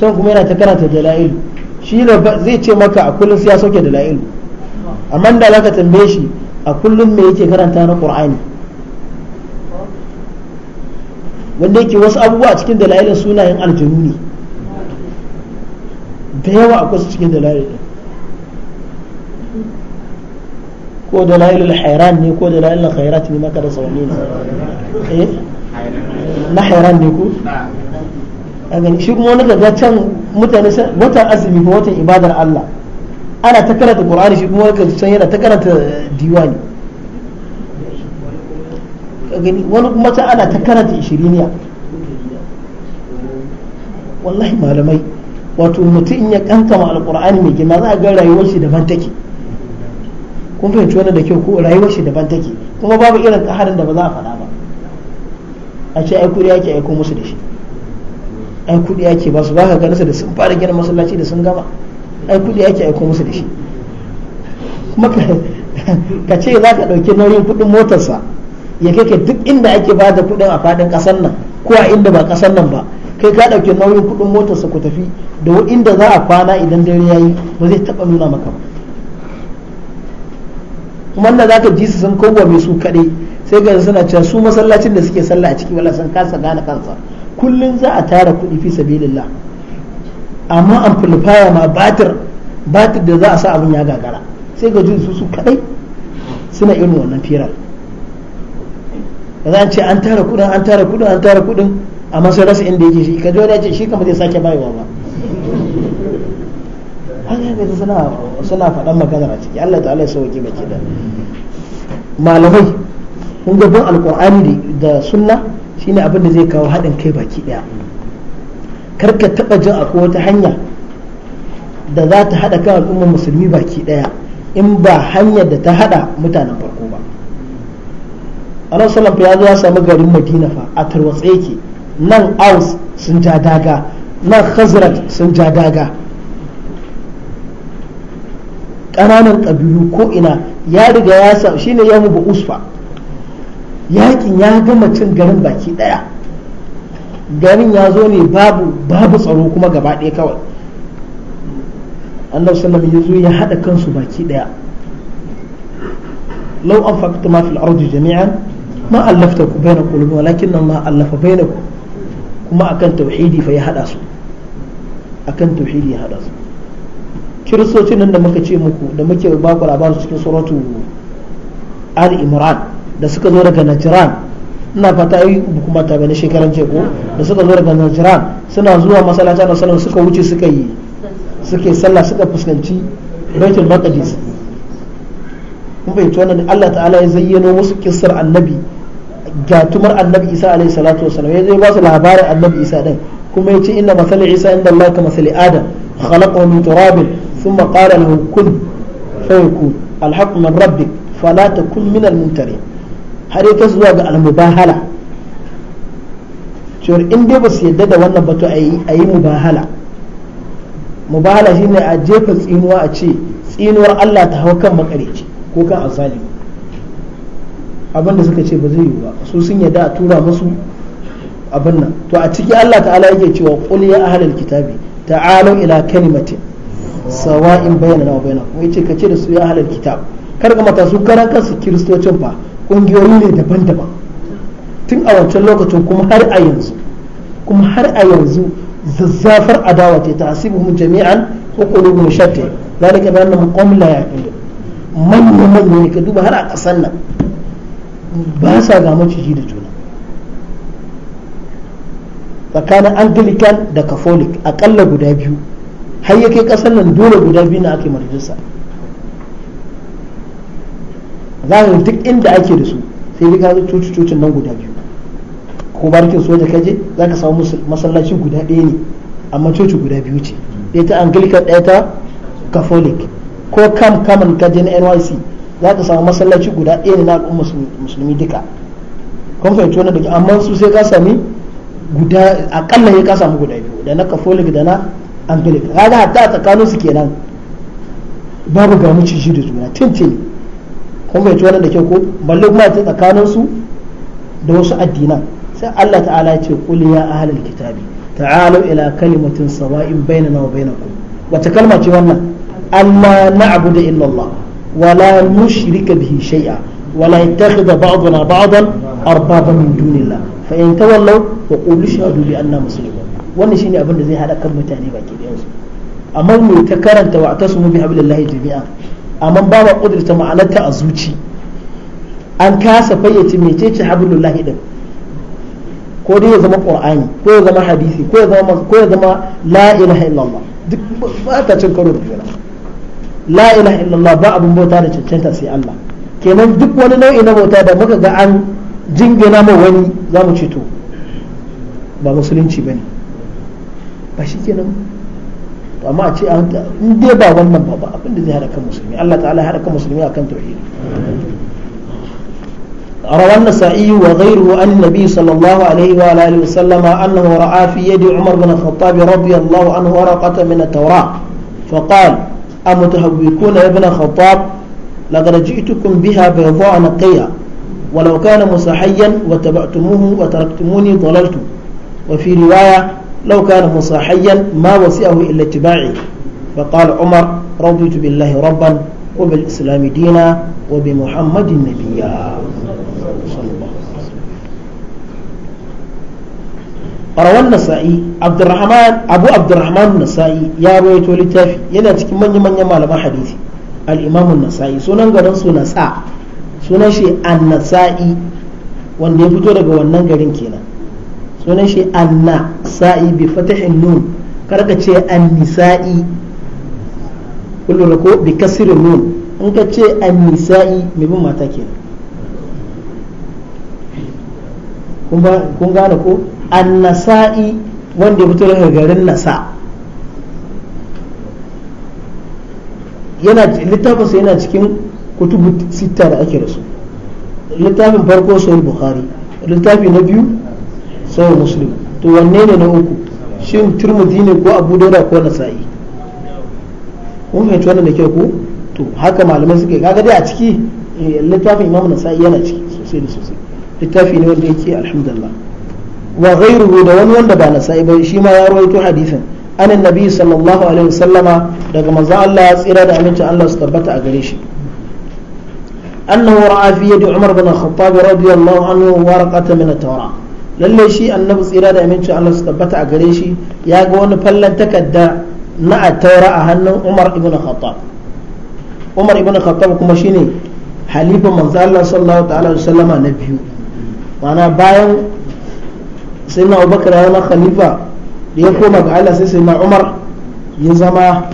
can kuma yana ta karanta dala'ilu shi ne zai ce maka a kullum sai ya sauke dala'ilu amma da ka tambaye shi a kullum me yake karanta na qur'ani wanda yake wasu abubuwa cikin dalailin sunayen aljanu ne da yawa akwai su cikin dalilin din ko dalilul hairan ne ko dalilul khairat ne maka da sauni ne eh? na hairan ne ko a gani shi kuma wani daga can mutane watan azumi ko watan ibadar Allah ana ta karanta Qur'ani shi kuma wani can yana ta karanta diwani gani wani kuma can ana ta karanta ishiriniya wallahi malamai wato mutum in ya kankama alkur'ani mai girma za a ga rayuwar shi daban take kun fahimci wannan da kyau ko rayuwar shi daban take kuma babu irin kaharin da ba za a faɗa ba a ce ai kuɗi ake aiko musu da shi ai kuɗi ake ba su ba ka ganin su da sun fara gina masallaci da sun gama ai kuɗi ake aiko musu da shi kuma ka ce za ka ɗauki nauyin kuɗin motarsa ya kai duk inda ake ba da kuɗin a faɗin ƙasar nan ko a inda ba ƙasar nan ba kai ka dauke nauyin kuɗin motarsa ku tafi da inda za a kwana idan dare yayi ba zai taɓa nuna maka ba kuma da za ka ji su san kowa mai su kade sai ga suna cewa su masallacin da suke sallah a ciki wala sun kasa gane kansa kullum za a tara kuɗi fi sabilillah amma amplifier ma batir batir da za a sa abin ya gagara sai ga jin su su kadai suna irin wannan firar da za ce an tara kuɗin an tara kuɗin an tara kuɗin amma sai rasa inda yake shi kaji wani ya ce shi kama zai sake bayarwa ba an yi ga suna suna faɗan magana a ciki Allah ta'ala ya sauke baki da malamai kun ga bin da sunna shine abin da zai kawo haɗin kai baki ɗaya kar ka taɓa jin a wata hanya da za ta haɗa kan al'ummar musulmi baki ɗaya in ba hanyar da ta haɗa mutanen farko ba. Allah sallallahu alaihi ya zo ya samu garin Madina fa a tarwatsa yake nan aus sun ja daga nan khazrat sun ja daga ƙananan ƙabilu ko ina ya riga ya sa shi ne yamu ba usfa yakin ya gama cin garin baki ɗaya garin ya zo ne babu tsaro kuma gaba ɗaya kawai annabi sallam ya zo ya haɗa kansu baki ɗaya lau an faƙi ta mafi ardi jami'an ma allafta ku baina qulubi walakin ma allafa kuma akan tauhidi fa ya hada su akan tauhidi ya hada su kiristocin nan da muka ce muku da muke ba ku labarin cikin suratu al imran da suka zo daga najran ina fata ai kuma ta bane shekaran ce ko da suka zo daga najran suna zuwa masallacin da sallan suka wuce suka yi suke sallah suka fuskanci baitul maqdis kun bai wannan Allah ta'ala ya zayyano musu kissar annabi gatumar annabi isa alaihi salatu wasallam ya zo ba su labarin annabi isa din kuma ya ce inna masali isa inda allah ka masali adam khalaqa min turabin sun qala lahu kun fayakun alhaq min rabbik fala kun min mutane har ya zuwa ga almubahala cewar in dai ba su yadda da wannan batu a yi mubahala mubahala shine a jefa tsinuwa a ce tsinuwar allah ta hau kan makareci ko kan azalimi abin da suka ce ba zai yi ba su sun yadda a tura musu abin nan to a ciki Allah ta'ala yake cewa qul ya ahlal kitabi ta'alu ila kalimatin sawa'in bainana wa bainakum yace kace da su ya ahlal kitab kar ga mata su karan kansu kiristocin ba kungiyoyi ne daban-daban tun a wancan lokacin kuma har a yanzu kuma har a yanzu zazzafar adawa ce ta mu jami'an ko qulubuhum shatta zalika bi mu qawmun ya'ilu yaqilun manyan ne ka duba har a kasan nan ba sa ga maciji da juna tsakanin anglican da catholic akalla guda biyu har yake kasar nan dole guda biyu na ake marjisa za a duk inda ake da su sai dai ka cocin nan guda biyu ko barkin soja ka je za ka samu masallaci guda ɗaya ne amma coci guda biyu ce ɗaya ta anglican ɗaya ta catholic ko kam kamar ka je na nyc za ta samu masallaci guda ɗaya ne na al'ummar musulmi duka kun fahimci wani daga amma su sai ka sami guda akalla ne ka samu guda biyu da na catholic da na angelic kaga hatta tsakanin su kenan babu ga mu ciji da juna tintin kun fahimci wani da ke ko balle kuma ta tsakanin su da wasu addinan sai Allah ta'ala ya ce qul ya halin kitabi ta'alu ila kalimatin sawa'in bainana wa bainakum wata kalma ce wannan amma na'budu illallah illallah. ولا نشرك به شيئا ولا يتخذ بعضنا بعضا أربابا من دون الله فإن تولوا فقولوا اشهدوا بأننا مسلمون wannan shine abin da zai hada kan mutane baki da yansu amma mu ta karanta wa tasmu bi hablillahi jami'a amma ba ma kudurta ma'anarta a zuci an kasa fayyace mecece hablillahi din ko dai ya zama qur'ani ko ya zama hadisi ko ya zama ko ya zama la ilaha illallah duk ba ta cin karo da juna la ilaha illallah ba abin bauta da cancanta sai Allah kenan duk wani nau'i na bauta da muka ga an jingina ma wani za mu ce to ba musulunci ba ne ba shi kenan to amma a ce in dai ba wannan ba abin da zai haɗa kan musulmi Allah ta'ala haɗa kan musulmi akan tauhid روى النسائي وغيره عن النبي صلى الله عليه وآله وسلم أنه رأى في يد عمر بن الخطاب رضي الله عنه ورقة من التوراة فقال أمتهوكون يا ابن الخطاب لقد جئتكم بها بيضاء نقية ولو كان مصحيا وتبعتموه وتركتموني ضللت وفي رواية لو كان مصحيا ما وسعه إلا اتباعي فقال عمر رضيت بالله ربا وبالإسلام دينا وبمحمد نبيا rawan nasa'i abdurrahman abu abdurrahman nasa'i ya rawaito littafi yana cikin manya-manyan malaman hadisi al-imam nasa'i sunan garin su nasa sunan shi an-nasa'i wanda ya fito daga wannan garin kenan sunan shi anna sa'i bi fatahin nun karka ce an-nisa'i kullu ko bi kasirin nun in ka ce an-nisa'i me bin mata kenan kun gane ko annasa'i wanda ya fito daga garin nasa yana littafinsa yana cikin kutubu sita da ake rasu littafin farko sai bukhari littafi na biyu sai muslim to wanne ne na uku shin turmudi ne ko abu dauda ko nasa'i kun fahimci wannan da kyau ko to haka malamai suke kaga dai a ciki eh, littafin imam nasa'i yana ciki sosai da sosai littafi ne wanda yake alhamdulillah wa ghairuhu da wani wanda ba nasa'i ba shi ma ya rawaito hadisin anan nabi sallallahu alaihi wasallama daga manzo Allah ya tsira da amincin Allah su tabbata a gare shi annahu ra'a fi yadi Umar bin Khattab radiyallahu anhu warqatan min at-Tawra lalle shi annabi tsira da amincin Allah su tabbata a gare shi ya ga wani fallan takarda na at-Tawra a hannun Umar ibn Khattab Umar ibn Khattab kuma shine halifan manzo Allah sallallahu ta'ala alaihi wasallama na biyu ma'ana bayan sai na abubakar ya zama khalifa da ya koma ga Allah sai sai na umar ya zama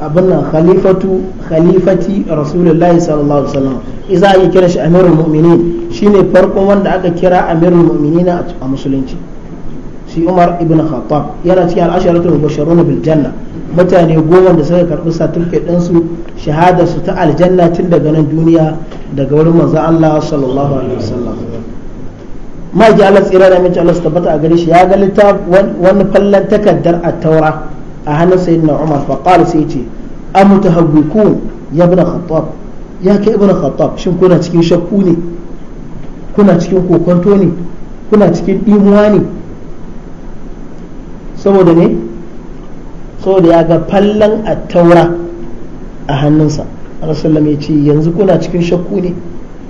abin nan khalifatu khalifati rasulullahi sallallahu alaihi wasallam idan aka kira shi amirul mu'minin shine farko wanda aka kira amirul mu'minin a musulunci shi umar ibn khattab yana cikin al'asharatu mubashiruna bil janna mutane goma da suka karbi certificate din su shahada su ta aljanna tun daga nan duniya daga wurin manzo Allah sallallahu alaihi wasallam ma ji Allah tsira da mace Allah su tabbata a gare shi ya ga wani fallan takardar a taura a hannun na Umar fa qala sai ce am tahabbikun ya ibn Khattab ya ke ibn Khattab shin kuna cikin shakku ne kuna cikin kokonto ne kuna cikin dimuwa ne saboda ne saboda ya ga fallan a taura a hannunsa Rasulullah ya ce yanzu kuna cikin shakku ne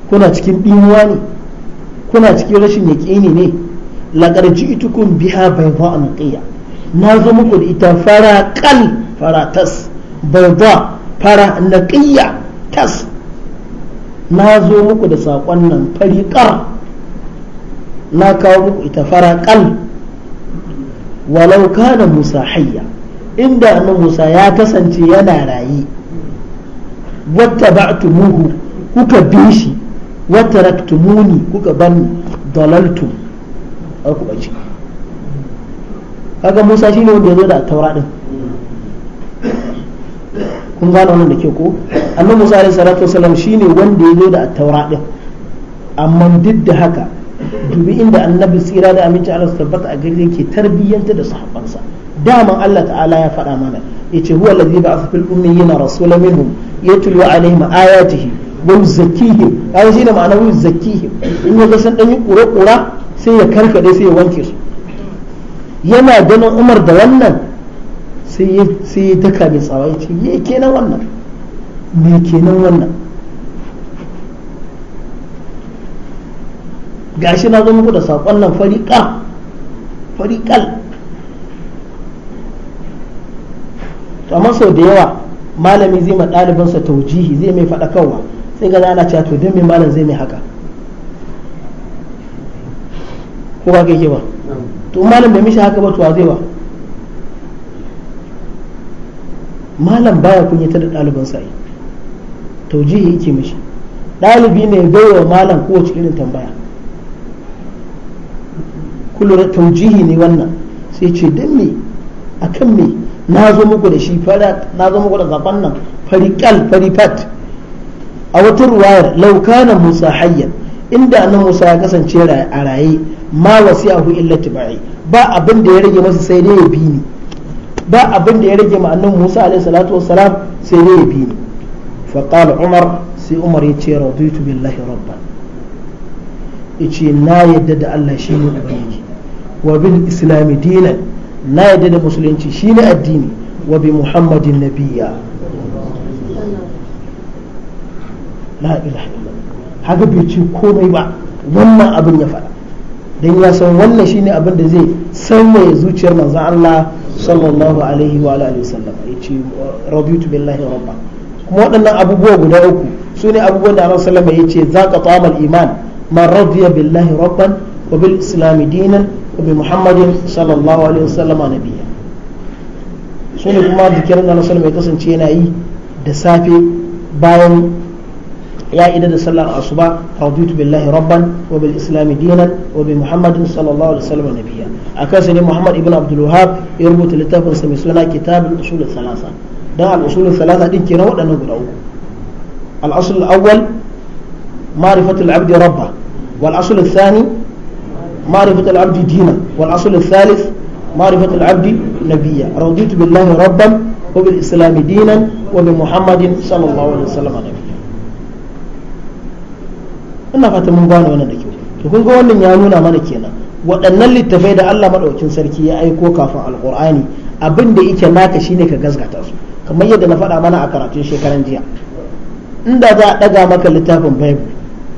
kuna cikin dimuwa ne kuna cikin rashin yaƙini ne laƙarci biya bai ba a anqiya na zo muku da ita fara kal fara tas ba fara naqiya tas na zo muku da saƙon nan ƙar na kawo muku ita fara kal walau kana musa hayya inda na musa ya kasance yana rayi wata ba'tumuhu kuka bi shi wa taraktumuni kuka ban dalaltum aku bace kaga Musa shine wanda ya zo da taura din kun gano wannan da ke ko annabi Musa alaihi salatu wasallam shine wanda ya zo da taura din amma duk da haka dubi inda annabi tsira da aminci Allah su tabbata a gari yake tarbiyyanta da sahabbansa daman Allah ta'ala ya faɗa mana yace huwa allazi ba'atha fil ummiyina rasulan minhum yatlu alaihim ayatihi wai zakihim kaga shine ma'ana wai zakihim in ya ga san dan yi kura-kura sai ya karkade sai ya wanke su yana ganin Umar da wannan sai ya sai ya taka mai tsawa ya ce kenan wannan me kenan wannan gashi na zo muku da sakon nan fariƙa fariƙal amma sau da yawa malami zai ma ɗalibinsa taujihi zai mai faɗakarwa sai ga ana cewa to don me malam zai mai haka ko ba ke ba to malam bai mishi haka ba to zai ba malam baya kunyata da ɗaliban sa'i taujihi yake mishi ɗalibi ne baiwa malam kowace irin tambaya kullum taujihi ne wannan sai ce don me akan me na zo muku da shi na zo muku da zaɓen nan fari kal fari fat a wata ruwayar laukana musa hayyan inda annan musa ya kasance a raye ma yahu illa tibai ba abin da ya rage masa sai dai ya bi ni ba abin da ya rage ma annan musa alaihi salatu wassalam sai dai ya bi ni fa qala umar sai umar ya ce raditu billahi rabban yace na yadda da Allah shine ubangiji wa bil islami dinan na yadda da musulunci shine addini wa bi muhammadin nabiyya la ilaha haka bai ce komai ba wannan abin ya faɗa dan ya san wannan shine abin da zai sanya zuciyar manzon Allah sallallahu alaihi wa alihi wasallam yace rabitu billahi rabba kuma waɗannan abubuwa guda uku su ne abubuwan da Allah sallama yace ka tamal iman man radiya billahi rabban wa bil islam dinan wa bi muhammadin sallallahu alaihi wasallam nabiyya su ne kuma zikirin da Allah sallama ya kasance yana yi da safe bayan يا إذا صلى الأصبع رضيت بالله ربا وبالإسلام دينا وبمحمد صلى الله عليه وسلم نبيا أكاسني محمد ابن عبد الوهاب يربط لتافن سمسونا كتاب الأصول الثلاثة ده الأصول الثلاثة دي كنا نقرأه الأصل الأول معرفة العبد ربه والأصل الثاني معرفة العبد دينا والأصل الثالث معرفة العبد نبيا رضيت بالله ربا وبالإسلام دينا وبمحمد صلى الله عليه وسلم نبيا ina fata mun gane wannan da kyau to kun ga wannan ya nuna mana kenan waɗannan littafai da Allah madaukakin sarki ya aiko kafin alqur'ani abin da yake naka shine ka gasgata su kamar yadda na faɗa mana a karatun shekaran jiya inda za a ɗaga maka littafin bible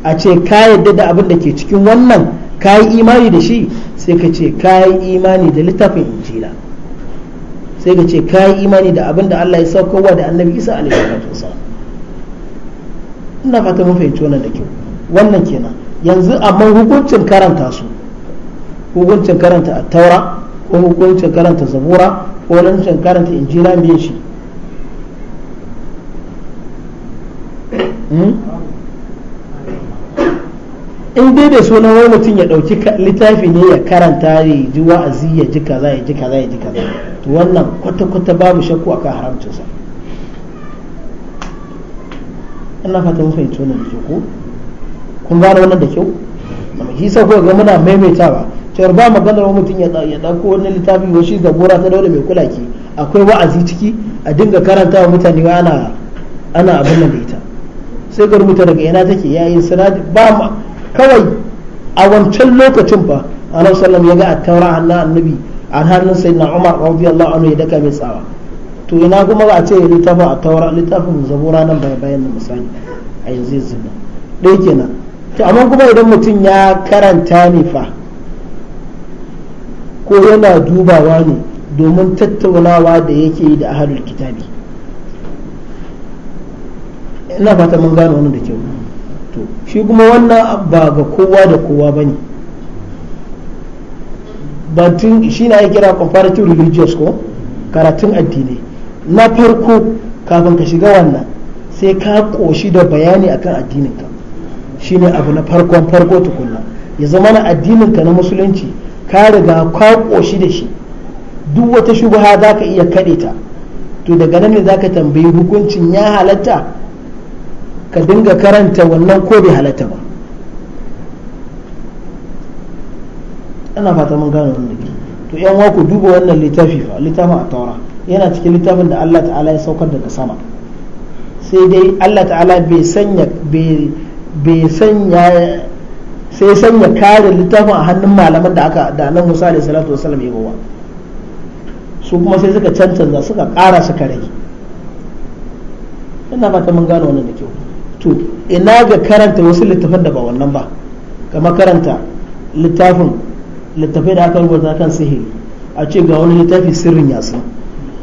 a ce ka yadda da abin da ke cikin wannan ka yi imani da shi sai ka ce ka yi imani da littafin injila sai ka ce ka yi imani da abin da Allah ya saukarwa da annabi isa alaihi salatu ina fata mun fahimci wannan da kyau wannan kenan yanzu amma hukuncin karanta su hukuncin karanta a taura ko hukuncin karanta zabura ko hukuncin karanta injila me shi hmm? in dai da suna wani mutum ya ɗauki littafi ne ya karanta ya ji wa'azi ya ji kaza ya ji kaza ya ji kaza to wannan kwata-kwata babu shakku a kan haramcinsa ina fata mun tunan da ke ko kun gane wannan da kyau shi sa ga muna maimaitawa cewar ba maganar mutum ya ɗauko wani littafi wa shi zabura ta daura mai kulaki akwai wa'azi ciki a dinga karanta wa mutane wa ana ana abin da ita sai ga rubuta daga ina take yayin sinadi ba ma kawai a wancan lokacin ba annabi sallam ya ga a taura hannun annabi a hannun na umar radiyallahu anu ya daka mai tsawa to ina kuma ba a ce littafin taura littafin zabura nan bayan nan misali a yanzu yanzu ɗaya kenan to amma kuma idan mutum ya karanta ne fa ko yana dubawa ne domin tattaunawa da yake yi da ahalul kitabi ina fata mun gano wani da kyau to shi kuma wannan ba ga kowa da kowa ba ne batun shi na ya kira comparative religious ko karatun addini na farko kafin ka shiga wannan sai ka koshi da bayani akan addinin addininka shine abu na farkon farko tukunna ya zama na addininka na musulunci ka riga ka koshi da shi duk wata shubha za ka iya kaɗe ta to daga nan ne za ka tambayi hukuncin ya halatta ka dinga karanta wannan ko bai halatta ba ana fata mun gane wannan dake to yan wa duba wannan littafi fa littafin a taura yana cikin littafin da Allah ta'ala ya saukar daga sama sai dai Allah ta'ala bai sanya bai bai sanya sai sanya kare littafin a hannun malaman da aka da nan musa alaihi salatu wasallam ya gowa su kuma sai suka cancanta suka kara suka rage ina fata mun gano wannan da kyau to ina ga karanta wasu littafan da ba wannan ba kamar karanta littafin littafai da aka rubuta kan sihiri a ce ga wani littafi sirrin yasin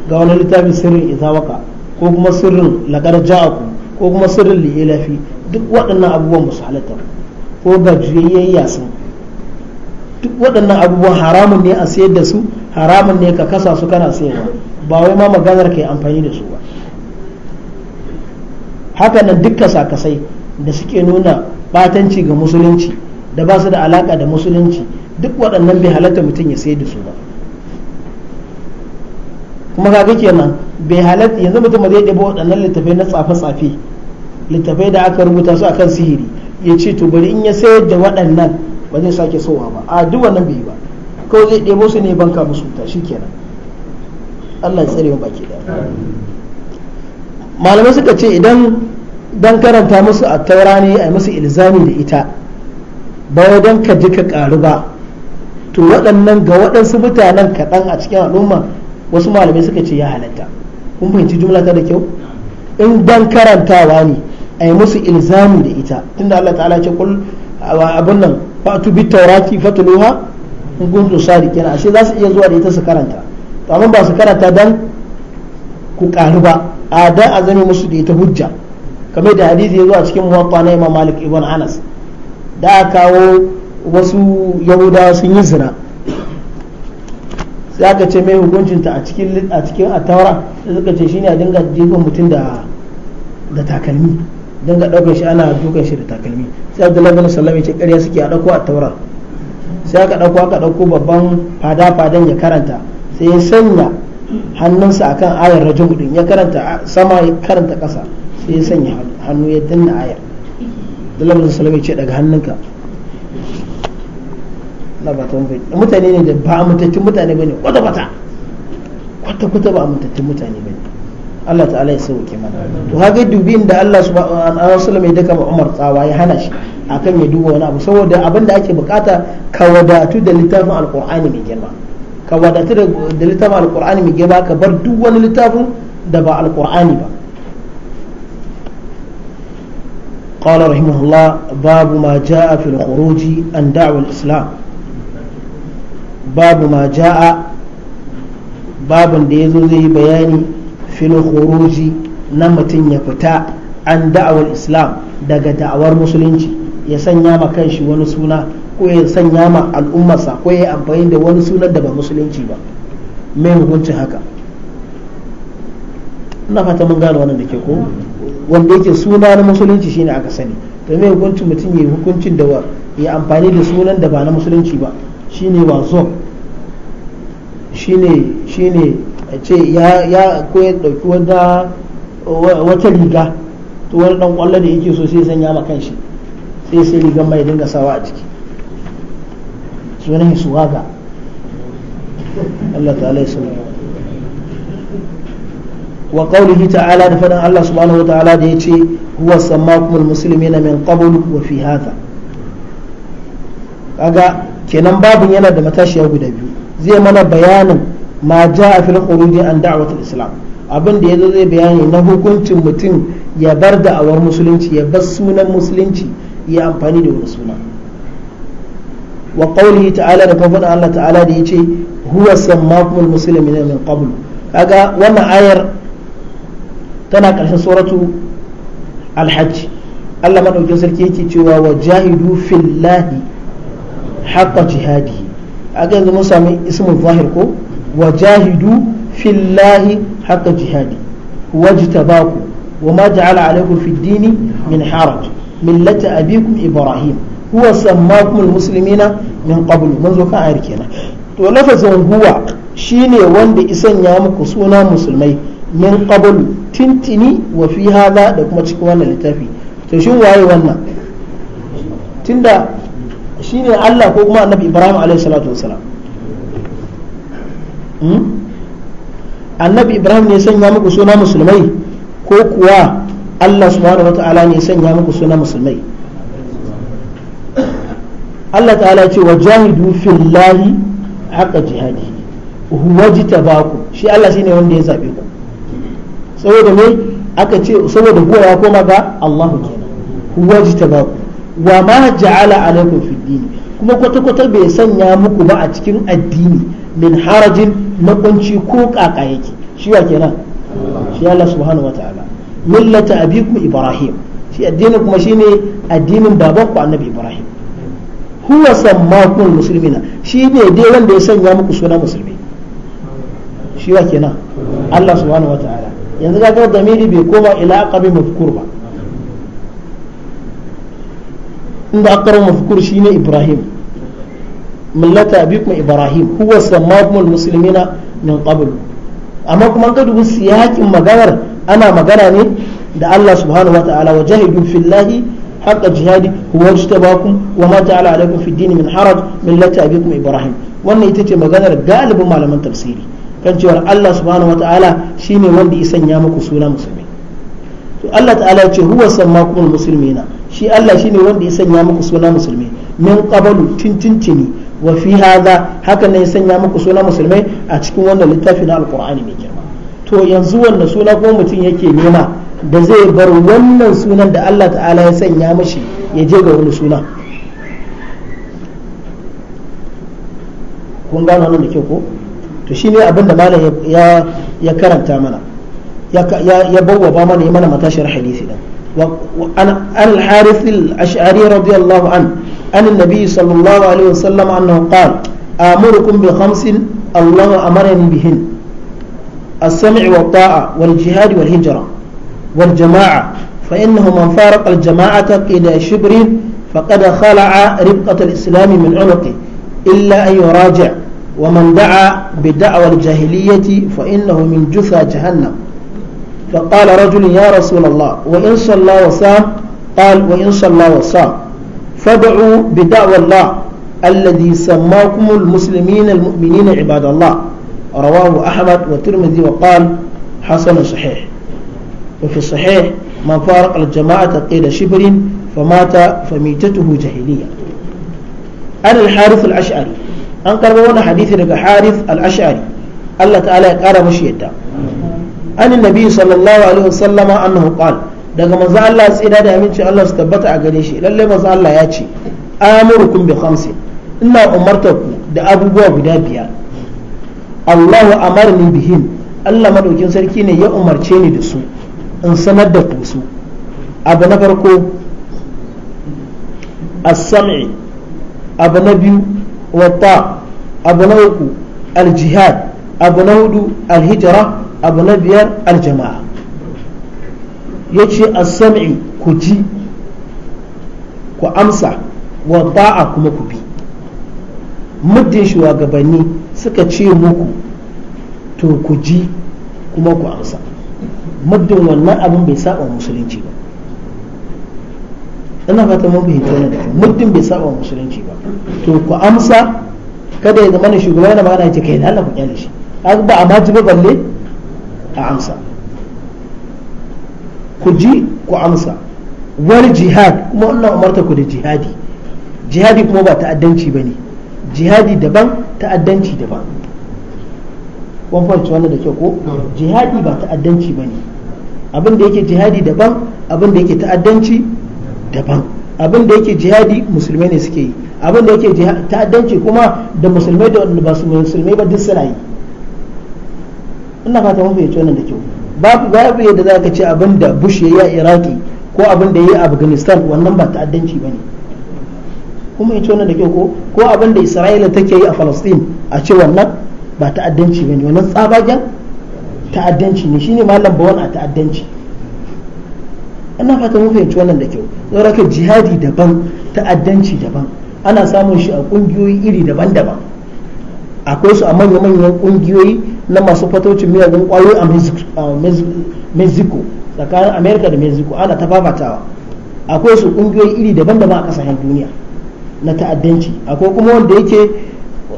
ga wani littafi sirrin izawaka ko kuma sirrin a ja'aku ko kuma sirrin lilafi duk waɗannan abubuwan musu halatta ko gajiyayyen yasin duk waɗannan abubuwan haramun ne a sayar da su haramun ne ka kasa su kana sayarwa ba wai ma maganar ka yi amfani da su ba haka nan dukkan sakasai da suke nuna batanci ga musulunci da ba su da alaka da musulunci duk waɗannan bai halatta mutum ya sayar da su ba kuma kaga kenan bai halatta yanzu mutum zai ɗebo waɗannan littafai na tsafe-tsafe littafai da aka rubuta su akan sihiri ya ce to bari in ya sayar da waɗannan ba zai sake sowa ba a duk wannan bai ba ko zai ɗebo su ne banka musu wuta shikenan Allah ya tsare mu baki da malamai suka ce idan dan karanta musu a taura ne a musu ilzami da ita ba dan ka ji ka karu ba to waɗannan ga waɗansu mutanen kaɗan a cikin al'umma wasu malamai suka ce ya halatta kun fahimci jumla ta da kyau in dan karantawa ne a yi musu ilzami da ita tunda Allah ta'ala ce kul abun nan fatu bi taurati fatuluha in kuntum sadiqina ashe za su iya zuwa da ita su karanta to amma ba su karanta dan ku karu ba a dan a zame musu da ita hujja kamar da hadisi ya zo a cikin muwatta na Imam Malik ibn Anas da a kawo wasu yahudawa sun yi zina sai aka ce mai hukuncinta a cikin a cikin atawara sai suka ce shine a dinga jifan mutum da da takalmi dinga daukar shi ana dukan shi da takalmi sai abdullahi bin sallam ya ce ƙarya suke a dauko a taura sai aka ɗauko aka ɗauko babban fada fadan ya karanta sai ya sanya hannunsa akan ayar rajul din ya karanta sama ya karanta ƙasa sai ya sanya hannu ya danna ayar abdullahi bin sallam ya ce daga hannunka na ba ta mutane ne da ba amintattun mutane bane kwata kwata kwata kwata ba amintattun mutane bane Allah ta'ala ya sauke mana to haka dubin da Allah subhanahu ya daka ma Umar tsawa ya hana shi akan ya duba wani abu saboda abin da ake bukata ka wadatu da littafin alqur'ani mai girma ka wadatu da littafin alqur'ani mai girma ka bar duk wani littafin da ba alqur'ani ba قال rahimahullah الله باب ما جاء في an عن دعوة islam babu ma ja'a باب da ya zo zai bayani fil khuruji na mutum ya fita an da'awar islam daga da'awar musulunci ya sanya ma kanshi wani suna ko ya sanya ma al'ummarsa ko ya amfani da wani sunan da ba musulunci ba mai hukuncin haka ina fata mun gane wannan da ke ko wanda yake suna na musulunci shine aka sani to mai hukuncin mutum ya hukuncin da ya amfani da sunan da ba na musulunci ba shine wazo shine shine a ce ya ko ya ɗauki wata wata riga to wani dan kwallo da yake so sai ya ma kanshi sai sai rigar mai dinga sawa a ciki sunan su waga Allah ta'ala ya sani wa qawlihi ta'ala da fadan Allah subhanahu wa ta'ala da yace huwa sammakumul muslimina min qablu wa fi hadha kaga kenan babin yana da matashiya guda biyu zai mana bayanin ma a fil khuruji an da'watul islam abin da yazo zai bayani na hukuncin mutum ya bar da awar musulunci ya bar sunan musulunci ya amfani da wani suna wa qawlihi ta'ala da fafin Allah ta'ala da yace huwa sammakumul muslimina min qabl kaga wannan ayar tana karshen suratu alhajj Allah madaukin sarki yake cewa wa jahidu fillahi haqqa jihadi aga yanzu mun sami ismul zahir ko وجاهدوا في الله حق جهاده واجتباكم وما جعل عليكم في الدين من حرج ملة أبيكم إبراهيم هو سماكم المسلمين من قبل منذ كان عاركينا to lafazin huwa shine wanda isan ya muku suna musulmai min qablu tintini wa fi da kuma cikin wannan littafi to shin waye wannan tunda shine Allah ko kuma Annabi Ibrahim alaihi Hmm? annabi ibrahim ne sanya muku suna musulmai ko kuwa allah subhanahu wata'ala ne sanya muku suna musulmai allah ta'ala ce wa jahidu fillahi haka jihadi huwa ku shi allah shine wanda ya zaɓe ku saboda mai aka ce saboda kuwa ya koma ga allahu kenan huwa ku wa ma ja'ala alaikum fi dini kuma kwata-kwata bai sanya muku ba a cikin addini min harajin makwanci ko kaka yake shi wa kenan shi Allah subhanahu wataala millata abikum ibrahim shi addinin kuma shine addinin babanku annabi ibrahim huwa sammakun musulmina shi ne dai wanda ya sanya muku suna musulmi shi wa kenan Allah subhanahu wataala yanzu ga ga damiri bai koma ila aqabi mafkur ba inda aqrabu mafkur shine ibrahim millata abikum ibrahim huwa sammakum almuslimina min qabl amma kuma ka dubi siyakin maganar ana magana ne da Allah subhanahu wataala wa jahidu fillahi haqqa jihadi huwa ijtabakum wa ma ta'ala alaikum fid din min haraj millata abikum ibrahim wannan ita ce maganar galibin malaman tafsiri kan cewar Allah subhanahu wataala shine wanda ya sanya muku suna musulmi to Allah ta'ala ya ce huwa sammakum almuslimina shi Allah shine wanda ya sanya muku suna musulmi min qabalu tintintini wa fi hadha haka ne sanya muku suna musulmai a cikin wannan littafi na alqur'ani mai girma to yanzu wannan suna kuma mutum yake nema da zai bar wannan sunan da Allah ta'ala ya sanya mashi ya je ga wani suna kun gano nan da ke ko to shine abin da malam ya ya karanta mana ya ya bawwaba mana ya mana matashar hadisi din an al-harith al-ash'ari radiyallahu anhu عن النبي صلى الله عليه وسلم أنه قال آمركم بخمس الله أمرني بهن السمع والطاعة والجهاد والهجرة والجماعة فإنه من فارق الجماعة قيل شبر فقد خلع ربقة الإسلام من عنقه إلا أن يراجع ومن دعا بدعوى الجاهلية فإنه من جثى جهنم فقال رجل يا رسول الله وإن صلى وصام قال وإن صلى وصام فدعوا بدعوى الله الذي سماكم المسلمين المؤمنين عباد الله رواه أحمد والترمذي وقال حسن صحيح وفي الصحيح من فارق الجماعة قيل شبر فمات فميتته جاهلية أنا الحارث الأشعري أن قال حديث لك حارث الأشعري الله تعالى قال مشيئته عن النبي صلى الله عليه وسلم أنه قال daga manzo Allah sai da aminci Allah su tabbata a gare shi lalle manzo Allah ya ce amurukum bi khamsi ina umartaku da abubuwa guda biyar Allahu amarni bihin Allah madaukin sarki ne ya umarce ni da su in sanar da ku su abu na farko as-sam'i abu na biyu wata abu na uku al-jihad abu na hudu al-hijra abu na biyar al-jama'a ya ce sami ku ji ku amsa wa ba'a kuma ku bi muddin shugabanni suka ce muku to ku ji kuma ku amsa muddin wannan abin bai saba musulunci ba ina fata mun fahimci wannan da muddin bai saba musulunci ba to ku amsa kada ya zama ne shugaba yana magana ya ce kai Allah ku kyale shi ba a ma ji ba balle a amsa ku ji ku amsa wal jihad kuma Allah umarta ku da jihadi jihadi kuma ba ta'addanci ba ne jihadi daban ta'addanci daban kun fahimci wannan da kyau ko jihadi ba ta'addanci ba ne abin da yake jihadi daban abin da yake ta'addanci daban abin da yake jihadi musulmai ne suke yi abin da yake ta'addanci kuma da musulmai da wanda ba su musulmai ba duk suna yi ina fata mun fahimci wannan da kyau babu babu yadda za ka ce abin da bush ya yi a iraki ko abin da ya yi a afghanistan wannan ba ta'addanci ba ne kuma ita wannan da kyau ko ko abin da isra'ila take yi a falastin a ce wannan ba ta'addanci ba ne wannan tsabagen ta'addanci ne shine malam bawan a ta'addanci ina fata mun fahimci wannan da kyau tsoraka jihadi daban ta'addanci daban ana samun shi a kungiyoyi iri daban-daban akwai su a manya-manyan kungiyoyi na masu fatocin miyagun kwayoyi a mexico tsakanin america da mexico ana ta babatawa akwai su kungiyoyi iri daban-daban a kasashen duniya na ta'addanci akwai kuma wanda yake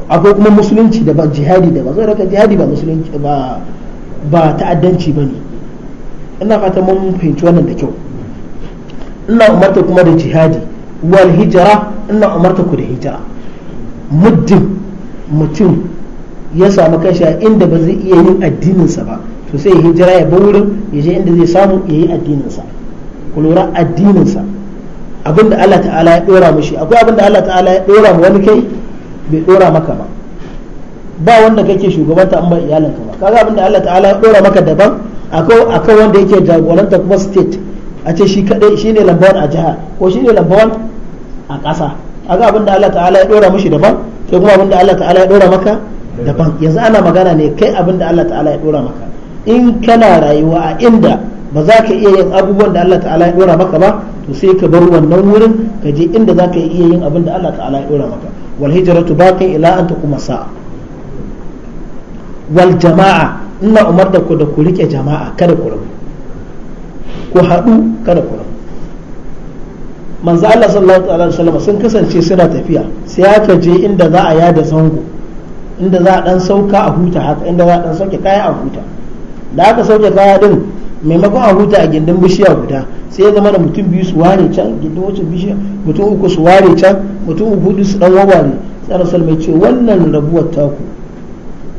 akwai kuma musulunci da ba jihadi da ba zai raka jihadi ba musulunci ba ba ta'addanci ba ne ina fata mun fahimci wannan da kyau ina umarta kuma da jihadi wal hijira ina umarta ku da hijira muddin mutum ya samu kanshi a inda ba zai iya yin addininsa ba to sai hijira ya bar wurin ya je inda zai samu ya yi addininsa ku lura addininsa abinda Allah ta'ala ya dora mishi akwai abinda Allah ta'ala ya dora ma wani kai bai dora maka ba ba wanda kake shugabanta an ba iyalinka ba kaga abinda Allah ta'ala ya dora maka daban akwai wanda yake jagoranta kuma state a ce shi kadai shine lambawan a jiha ko shine lambawan a ƙasa kaga abinda Allah ta'ala ya dora mishi daban kai kuma abinda Allah ta'ala ya dora maka daban yanzu ana magana ne kai abin da Allah ta'ala ya dora maka in kana rayuwa a inda ba za ka iya yin abubuwan da Allah ta'ala ya dora maka ba to sai ka bar wannan wurin ka je inda za ka iya yin abin da Allah ta'ala ya dora maka wal hijratu baqin ila an takuma sa wal jama'a ina umar da ku da ku rike jama'a kada ku rabu ku haɗu kada ku rabu manzo Allah sallallahu alaihi wasallam sun kasance suna tafiya sai aka je inda za a yada zango inda za a dan sauka a huta haka inda za a dan sauke kaya a huta da aka sauke kaya din maimakon a huta a gindin bishiya guda sai ya zama da mutum biyu su ware can gindin wacce bishiya mutum uku su ware can mutum uku hudu su dan wawware sai rasul mai ce wannan rabuwar taku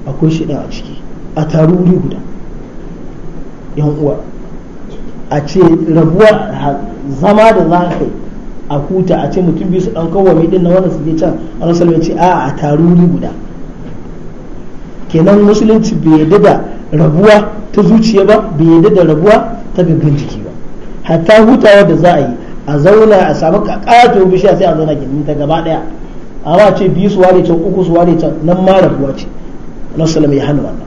akwai shi a ciki a taru wuri guda yan uwa a ce rabuwar zama da za ka a huta a ce mutum biyu su dan mai din na wannan su je can rasul mai ce a a taru wuri guda kenan musulunci bai yadda da rabuwa ta zuciya ba bai yadda da rabuwa ta gangan jiki ba hatta hutawa da za a yi a zauna a samu kakato bishiya sai a zauna gindin ta gaba daya a wa ce biyu su ware can uku su ware can nan ma rabuwa ce Allah sallama ya hana wannan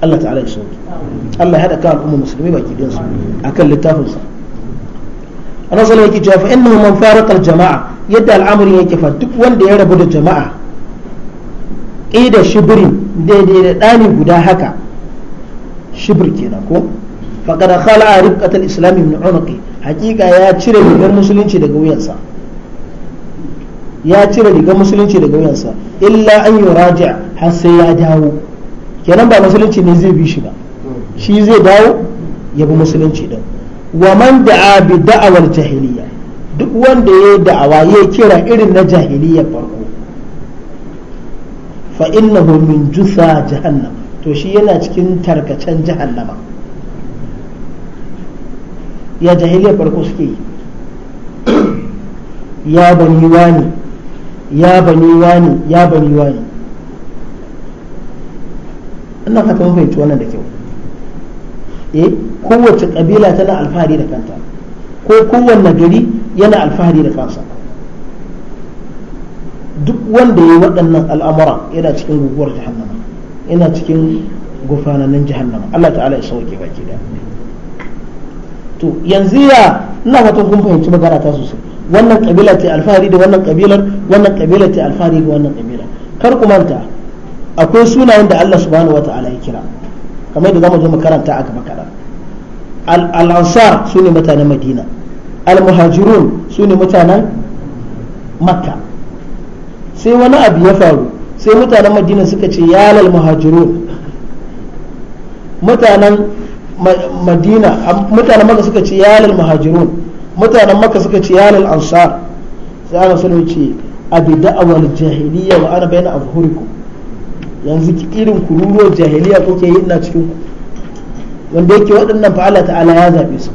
Allah ta'ala ya sauki Allah ya hada kan al'umma musulmi baki din su akan littafin sa Allah sallama yake cewa fa innahu man farqa al-jama'a yadda al'amarin yake fa duk wanda ya rabu da jama'a ƙida shibirin daidai da ɗani guda haka shibir kenan ko faƙada khala a rifƙatar islam ibn hakika ya cire rigar musulunci daga wuyansa ya cire rigar musulunci daga wuyansa illa an yi raja har sai ya dawo kenan ba musulunci ne zai bi shi ba shi zai dawo ya bi musulunci din wa man da'a bi da'awar jahiliya duk wanda ya da'awa ya kira irin na jahiliya farko fa innahu min jusa jahannam to shi yana cikin tarkacen jahannama ya jahiliya farko suke yi ya bani wani ya bani wani ya bani wani ina haka mun fahimci wannan da kyau eh kowace kabila tana alfahari da kanta ko kowanne gari yana alfahari da kansa duk wanda ya yi waɗannan al'amura yana cikin guguwar jahannama yana cikin gufananin jahannama Allah ta'ala ya sauke baki da to yanzu ya ina fatan kun fahimci magana ta sosai wannan kabila ta alfahari da wannan kabilar wannan kabila ta alfahari da wannan kabila kar ku manta akwai sunayen da Allah subhanahu wata'ala ya kira kamar yadda zamu zo mu karanta a gaba kaɗan al-ansar sune mutanen madina al-muhajirun sune mutanen makka sai wani abu ya faru sai mutanen madina suka ce yalal muhajirun mutanen madina mutanen maka suka ce yalal muhajirun mutanen maka suka ce yalal ansar sai ana sanu ce abi da'awal jahiliya wa ana bayna abhurikum yanzu irin kururuwar jahiliya kuke yi ina cikin ku wanda yake waɗannan fa Allah ta'ala ya zabe su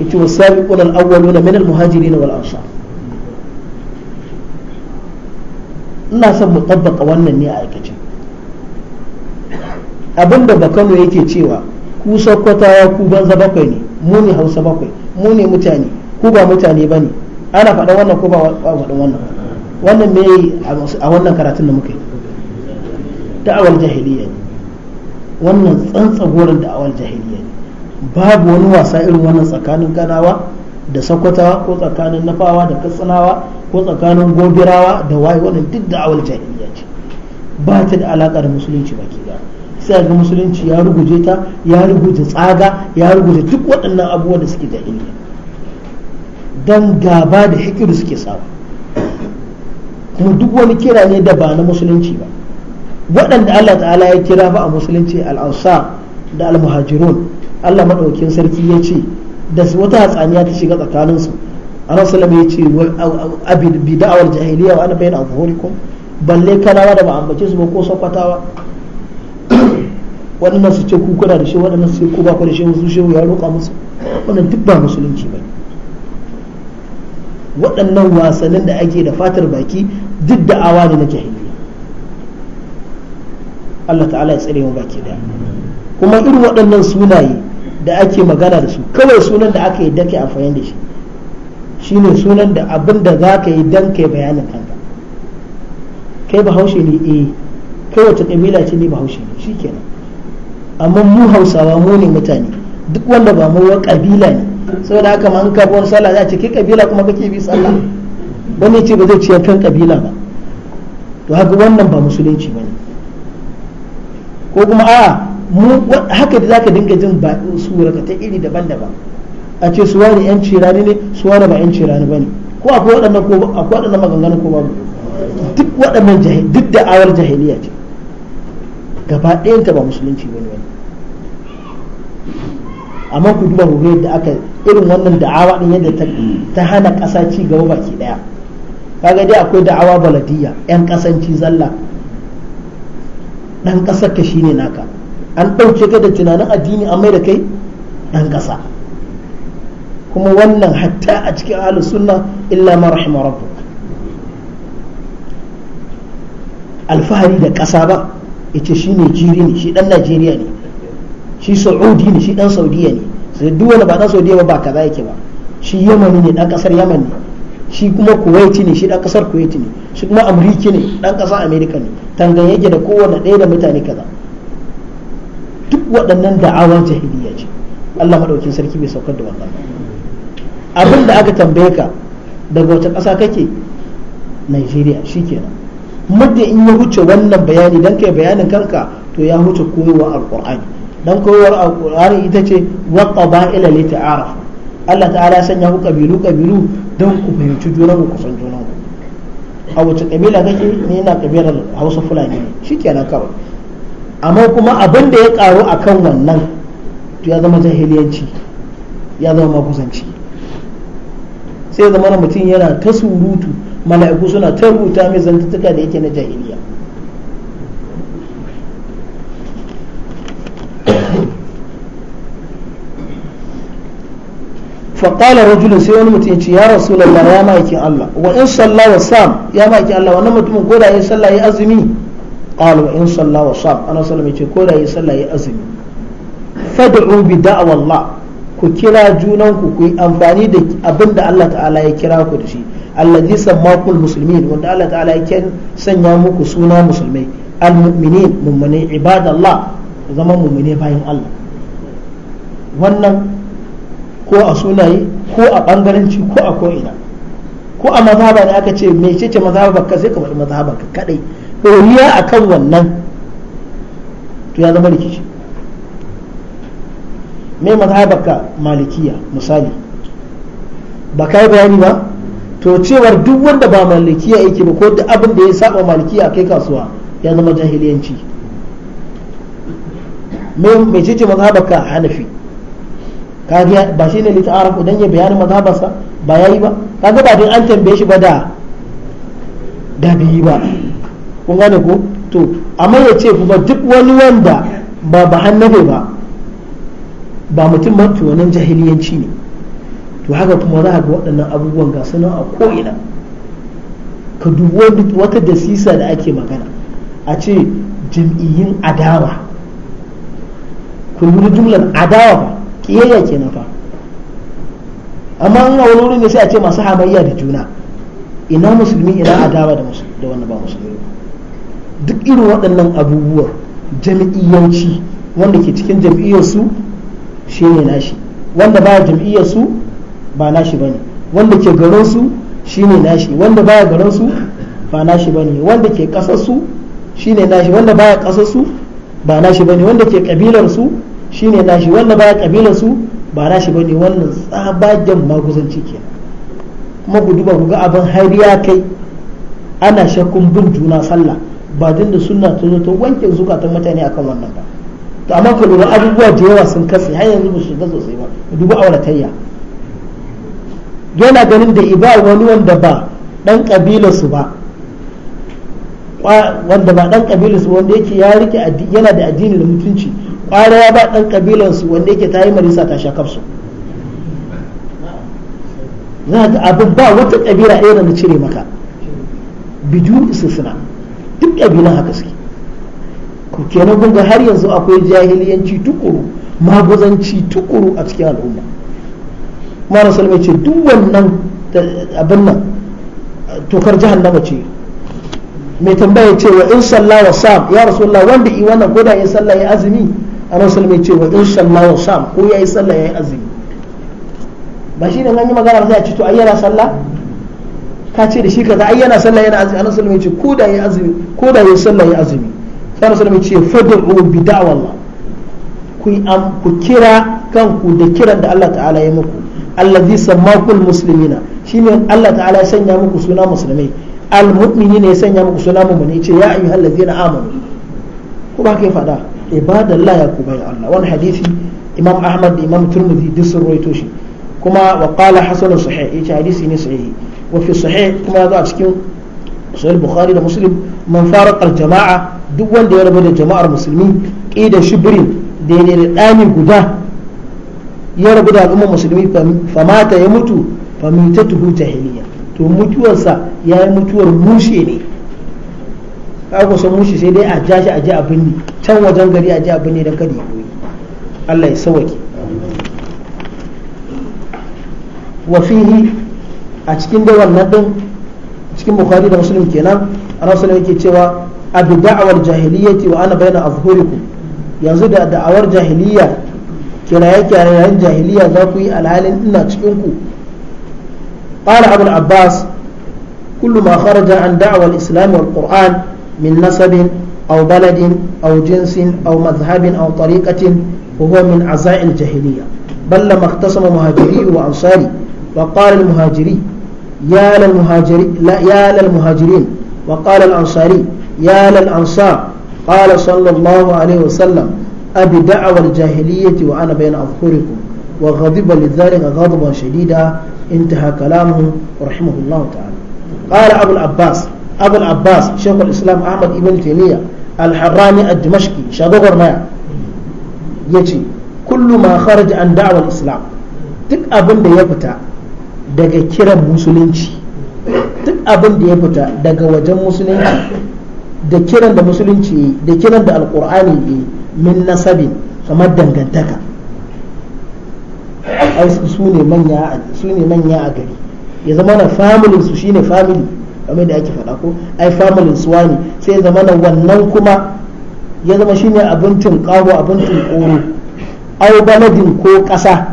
ita wasabiqul awwaluna min al muhajirin wal ansar ina son mu tabbata wannan ne a aikace abinda bakano yake cewa ku sakkwatawa ku banza bakwai ne mu ne hausa bakwai mu ne mutane ku ba mutane ba ne ana faɗa wannan ko ba faɗa wannan wannan ne a wannan karatun da muka yi da'awar jahiliya ne wannan tsantsagoran da'awar jahiliya ne babu wani wasa irin wannan tsakanin ganawa da sakkwatawa ko tsakanin nafawa da katsinawa ko tsakanin gobirawa da waye wannan duk da awal jahiliya ce ba ta da alaka da musulunci ke da sai ga musulunci ya ruguje ta ya ruguje tsaga ya ruguje duk waɗannan abubuwa da suke jahiliya dan gaba da hikiru suke samu kuma duk wani kira ne da ba na musulunci ba waɗanda Allah ta'ala ya kira ba a musulunci al da al-muhajirun Allah madaukin sarki ya ce da wata hatsaniya ta shiga tsakaninsu annabi sallallahu alaihi wasallam abin ce bid'awar jahiliya wa ana bayyana azhurikum balle kanawa da ba ambace su ba ko sokwatawa waɗannan su ce ku kuna da shi waɗannan su ce ku ba da shi wasu shi ya roƙa musu wannan duk ba musulunci ba waɗannan wasannin da ake da fatar baki duk da awa ne na jahiliya Allah ta'ala ya tsare mu baki daya kuma irin waɗannan sunaye da ake magana da su kawai sunan da aka yi dake amfani da shi shine sunan da abin da za ka yi dan kai bayanin kanka kai bahaushe ne eh kai wata kabila ce ne bahaushe ne shi kenan amma mu hausawa mu ne mutane duk wanda ba mu wa kabila ne saboda haka ma an ka buwar sallah za a ce ke kabila kuma kake bi sallah wani ce ba zai ci kan kabila ba to haka wannan ba musulunci ba ne ko kuma a haka da za ka dinga jin ba su ta iri daban-daban a ce su wani yan cirani ne su wani ba yan cirani ba ne ko akwai waɗannan ko akwai waɗannan maganganun ko babu duk waɗannan jahil duk da awar jahiliya ce gaba ɗayan ta ba musulunci ba ne amma ku duba hore yadda aka irin wannan da'awa din yadda ta hana ƙasa ci gaba baki ɗaya kaga dai akwai da'awa baladiyya yan kasanci zalla ɗan ƙasar ka shine naka an ɗauke ka da tunanin addini an mai da kai ɗan ƙasa kuma wannan hatta a cikin ahlus sunna illa ma rahima rabbuk alfahari da ƙasa ba yace shi Nijiri ne shi dan Najeriya ne shi Saudi ne shi dan Saudiya ne sai duk wani ba dan Saudiya ba ba kaza yake ba shi Yamani ne dan kasar Yamani ne shi kuma Kuwaiti ne shi dan kasar Kuwaiti ne shi kuma Amuriki ne dan kasar Amerika ne tanganyake da kowanne ɗaya da mutane kaza duk waɗannan da'awar jahiliya ce Allah madaukin sarki bai saukar da wannan abin da aka tambaye ka daga wace ƙasa kake Najeriya shikenan muddin in ya huce wannan bayani dan kai bayanin kanka to ya huce koyowar alqur'ani dan koyowar alqur'ani ita ce wa qaba'ila li ta'araf Allah ta'ala ya sanya ku kabilu kabilu dan ku fahimci juna ku san juna a wace kabila kake ni ina kabilar Hausa Fulani ne shikenan kawai amma kuma abin da ya karu akan wannan to ya zama jahiliyanci ya zama kusanci sai zama na mutum yana ta surutu mala'iku suna ta rubuta mai zantattuka da yake na jahiliya faƙalar rajulun sai wani mutum ce ya rasu lallar ya ma'aikin Allah wa sallah wa sam ya Allah wannan mutumin ko da sallah ya azumi wa ana sallah ya yi sallah ya azumi fadu'u bi ku kira junanku ku yi amfani da abin da Allah ta'ala ya kira ku da shi Allah allazi sammakul musulmin wanda Allah ta'ala ya sanya muku suna musulmai almu'minin mummune ibadallah ku zama mummune bayan Allah wannan ko a sunaye ko a bangaranci ko a ko'ina ko a mazhaba ne aka ce mecece mazhabar ka sai ka faɗi mazhabar ka kadai ɗoriya akan wannan to ya zama rikici me mazhabarka malikiya misali ba kai bayani ba to cewar duk wanda ba malikiya yake ba ko duk abin da ya saba malikiya kai kasuwa ya zama jahiliyanci mai ce mazhabarka hanafi kaga ba shi ne lita'araf idan ya bayani mazhabarsa ba yayi ba kaga ba din an tambaye shi ba da da bi ba kun gane ko to amma ya ce kuma duk wani wanda ba ba hannafe ba ba mutum ba to wannan jahiliyanci ne to haka kuma za ga waɗannan abubuwan ga suna a ko'ina ka dubi wata dasisa da ake magana a ce jam'iyyun adawa ku lura jumlar adawa ba ke kenan fa amma an wani wurin ne sai a ce masu hamayya da juna ina musulmi ina adawa da wani ba musulmi duk irin waɗannan abubuwan jam'iyyanci wanda ke cikin jam'iyyarsu shi ne nashi wanda baya jam'iyyar su ba nashi bane wanda ke garin su shi ne nashi wanda baya garin su ba nashi bane wanda ke kasar su shi ne nashi wanda baya kasar su ba nashi bane wanda ke kabilar su shi ne nashi wanda baya kabilar su ba nashi bane wannan tsabagen maguzanci ke kuma ku duba ku ga abin har ya kai ana shakkun bin juna sallah ba da sunna ta zo ta wanke zukatan mutane akan wannan ba to amma ka lura abubuwa da yawa sun katse har yanzu ba da sosai ba ta auratayya yana ganin da iba wani wanda ba dan kabilar su ba wanda ba dan kabilar su wanda yake ya rike yana da addini da mutunci kwara ya ba dan kabilar su wanda yake ta yi marisa ta sha kafsu za ga abin ba wata kabila irin da cire maka bidu istisna duk kabilan haka suke ku kenan kun ga har yanzu akwai jahiliyanci tukuru magwazanci tukuru a cikin al'umma mara salma ce duk wannan abin nan tokar jahannama ce mai tambaya ce wa in sallah wa sam ya rasulullah wanda i wannan koda ya sallah ya azumi a rasul mai ce wa in sallah wa sam ko ya yi sallah ya yi azumi ba shi ne yi magana ba a ce to ai yana sallah ka ce da shi kaza ai yana sallah yana azumi a rasul mai ce ko da ya azumi ko da ya sallah ya azumi sai rasulullah ce fad'u bi da'wallah ku am ku kira kanku da kiran da Allah ta'ala ya muku allazi sammakul muslimina shine Allah ta'ala ya sanya muku suna musulmai almu'minina ya sanya muku suna mu'mini ce ya ayyuhal ladzina amanu ko ba kai fada ibadallah ya ku bai Allah wani hadisi imam ahmad da imam turmudi duk sun rawaito shi kuma wa qala hasan sahih yace hadisi ne sahihi wa fi sahih kuma yazo a cikin sahih bukhari da muslim man farqa al jama'a duk wanda ya rabu da jama'ar musulmi ƙida shibirin da ya da ɗani guda ya rabu da al'ummar musulmi famata ya mutu famita tuhu hiliya to mutuwarsa ya yi mutuwar mushe ne kaga san mushe sai dai a ja shi a ji abin ne can wajen gari a ji abin ne don kada ya koyi Allah ya sauke wa fihi a cikin da wannan din cikin bukhari da muslim kenan rasulullah yake cewa bi da'awar jahiliyyati wa ana bayna azhurikum yanzu da da'awar jahiliya kiraye kirayen jahiliya za ku yi alhalin ina cikin ku qala abul abbas kullum a kharaja an da'awar al-islam wal qur'an min nasabin aw baladin aw jinsin aw mazhabin aw tariqatin wa huwa min aza'i al-jahiliya bal lam ikhtasama muhajiri wa ansari wa qala al-muhajiri ya muhajiri la ya lil muhajirin wa qala al-ansari يا للأنصار قال صلى الله عليه وسلم أبي دعوى الجاهلية وأنا بين أظهركم وغضب لذلك غضبا شديدا انتهى كلامه رحمه الله تعالى قال أبو العباس أبو العباس شيخ الإسلام أحمد ابن تيمية الحراني الدمشقي شادوغر ما يجي كل ما خرج عن دعوة الإسلام duk abin da ya fita daga kiran musulunci duk abin da ya fita daga wajen musulunci da kiran da musulunci da kiran da alkur'ani ne min nasabin kamar dangantaka ai su ne manya a gari ya zama na familin su shine family kamar da ake faɗa ko ai familin su wani sai ya zama na wannan kuma ya zama shine abincin kawo abincin koro ai baladin ko ƙasa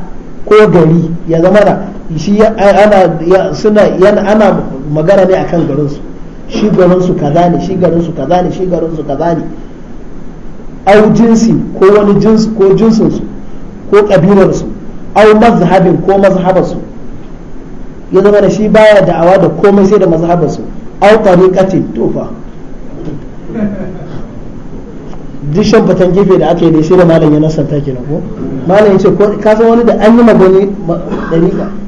ko gari ya zama na shi ana suna yana ana magana ne akan garin su shi garin su kaza ne shi garin su kaza ne shi garin su kaza ne au jinsi ko wani jinsi ko jinsin su ko kabilar su au mazhabin ko mazhabar su ya zama da shi baya da'awa da komai sai da mazhabar su au tariqatin tofa duk shan fatan gefe da aka yi da sai da malam ya nasanta kina ko malam ya ce ko ka san wani da an yi magana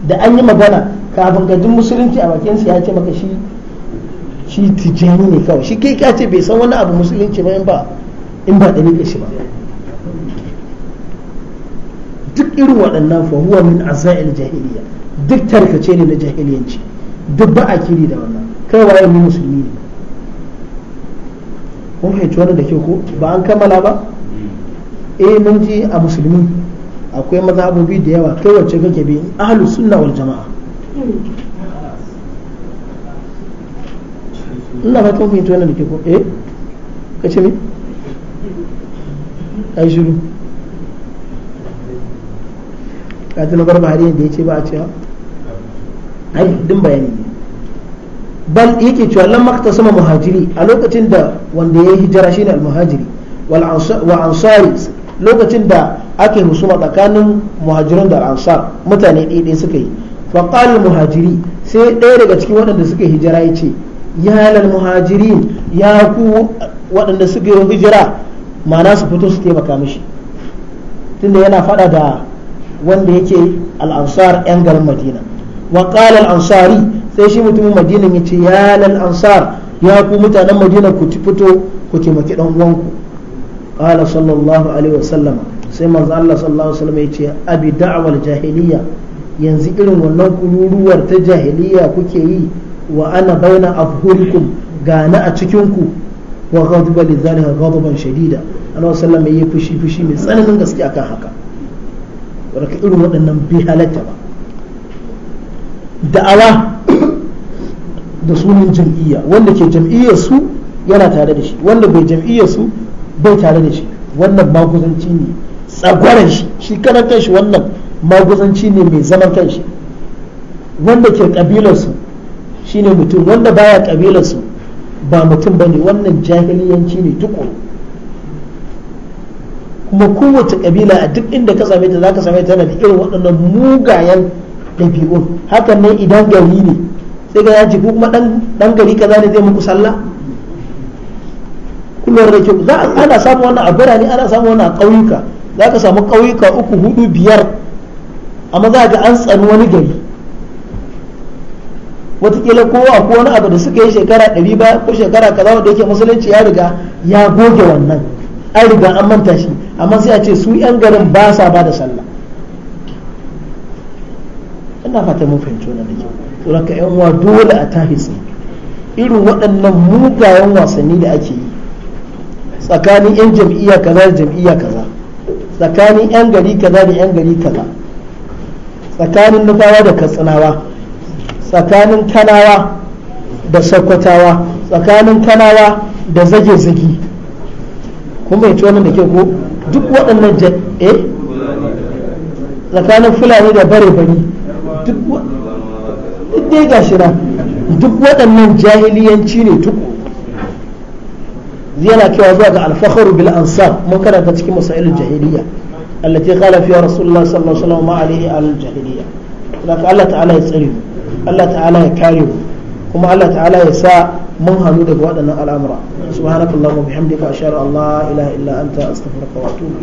da an yi magana kafin gajin musulunci a bakin sa ya ce maka shi shi tijani ne kawai shi kai ka ce bai san wani abu musulunci ba in ba in ba nika shi ba duk irin waɗannan fa huwa min azail jahiliya duk tarkace ne na jahiliyanci duk ba a kiri da wannan kai waye mu musulmi ne kun fahimci wannan da ke ko ba an kammala ba eh mun ji a musulmi akwai mazhabobi da yawa kai wacce kake bi ahlus sunna wal jama'a Allah ba ta mafi tuwa da ke ko eh ka ce ne a yi shiru ka tuna barbari da ya ce ba a cewa ai din bayani ne bal yake cewa lam sama muhajiri a lokacin da wanda ya yi hijira shine al-muhajiri wal wa ansari lokacin da ake husuma tsakanin muhajirin da al-ansar mutane ɗaya suka yi fa qala muhajiri sai ɗaya daga cikin waɗanda suka hijira ya ce ya lal muhajirin ya ku waɗanda suka yi hijira ma'ana su fito su taimaka mishi tunda yana faɗa da wanda yake al'ansar 'yan garin madina wa qala ansari sai shi mutumin madina ya ce ya lal ansar ya ku mutanen madina ku fito ku taimaki ɗan uwanku qala sallallahu alaihi wasallam sai manzo Allah sallallahu alaihi wasallam ya ce abi da'wal jahiliya yanzu irin wannan kururuwar ta jahiliya kuke yi wa ana baina afhurikum gana a cikin ku wa li zalika ghadaban shadida annabi sallallahu alaihi wasallam fushi fushi mai tsananin gaske akan haka warka irin waɗannan bi halatta ba da'awa da sunan jam'iyya wanda ke jam'iyyar su yana tare da shi wanda bai jam'iyyar su bai tare da shi wannan maguzanci ne tsagwaran shi shi karan shi wannan maguzanci ne mai zaman kanshi wanda ke kabilar su shine mutum wanda baya kabilar su ba mutum ba ne wannan jahiliyanci ne tukuru kuma kowace kabila a duk inda ka same ta ka same ta na da irin waɗannan mugayen ɗabi'un hakan ne idan gari ne sai ga yaji kuma dan gari kaza ne zai muku sallah kullum da ke za ana samu wannan a birane ana samu wannan a ƙauyuka za ka samu ƙauyuka uku hudu biyar amma za ga an tsani wani gari watakila ko a ko wani abu da suka yi shekara ɗari ba ko shekara kaza wanda yake musulunci ya riga ya goge wannan an riga an manta shi amma sai a ce su yan garin ba sa ba da sallah ina fata mun fahimci wannan da kyau to ka yan uwa dole a tahi irin waɗannan mugayen wasanni da ake yi tsakanin yan jam'iyya kaza da jam'iyya kaza tsakanin yan gari kaza da yan gari kaza tsakanin nufawa da katsinawa tsakanin kanawa da sakwatawa tsakanin kanawa da zage-zage kun bai wannan da ke ko duk waɗannan eh tsakanin fulani da bare bari duk dai gashi na duk waɗannan jahiliyanci ne duk yana cewa zuwa ga alfaharu bil ansar mun karanta cikin masailul jahiliya allati qala fiha rasulullah sallallahu alaihi wa sallam ma alaihi al jahiliya Allah ta'ala ya tsare mu Allah ta'ala ya kare mu kuma Allah ta'ala ya sa mun hannu daga waɗannan al'amura subhanakallahumma bihamdika ashhadu an la ilaha illa anta astaghfiruka wa atubu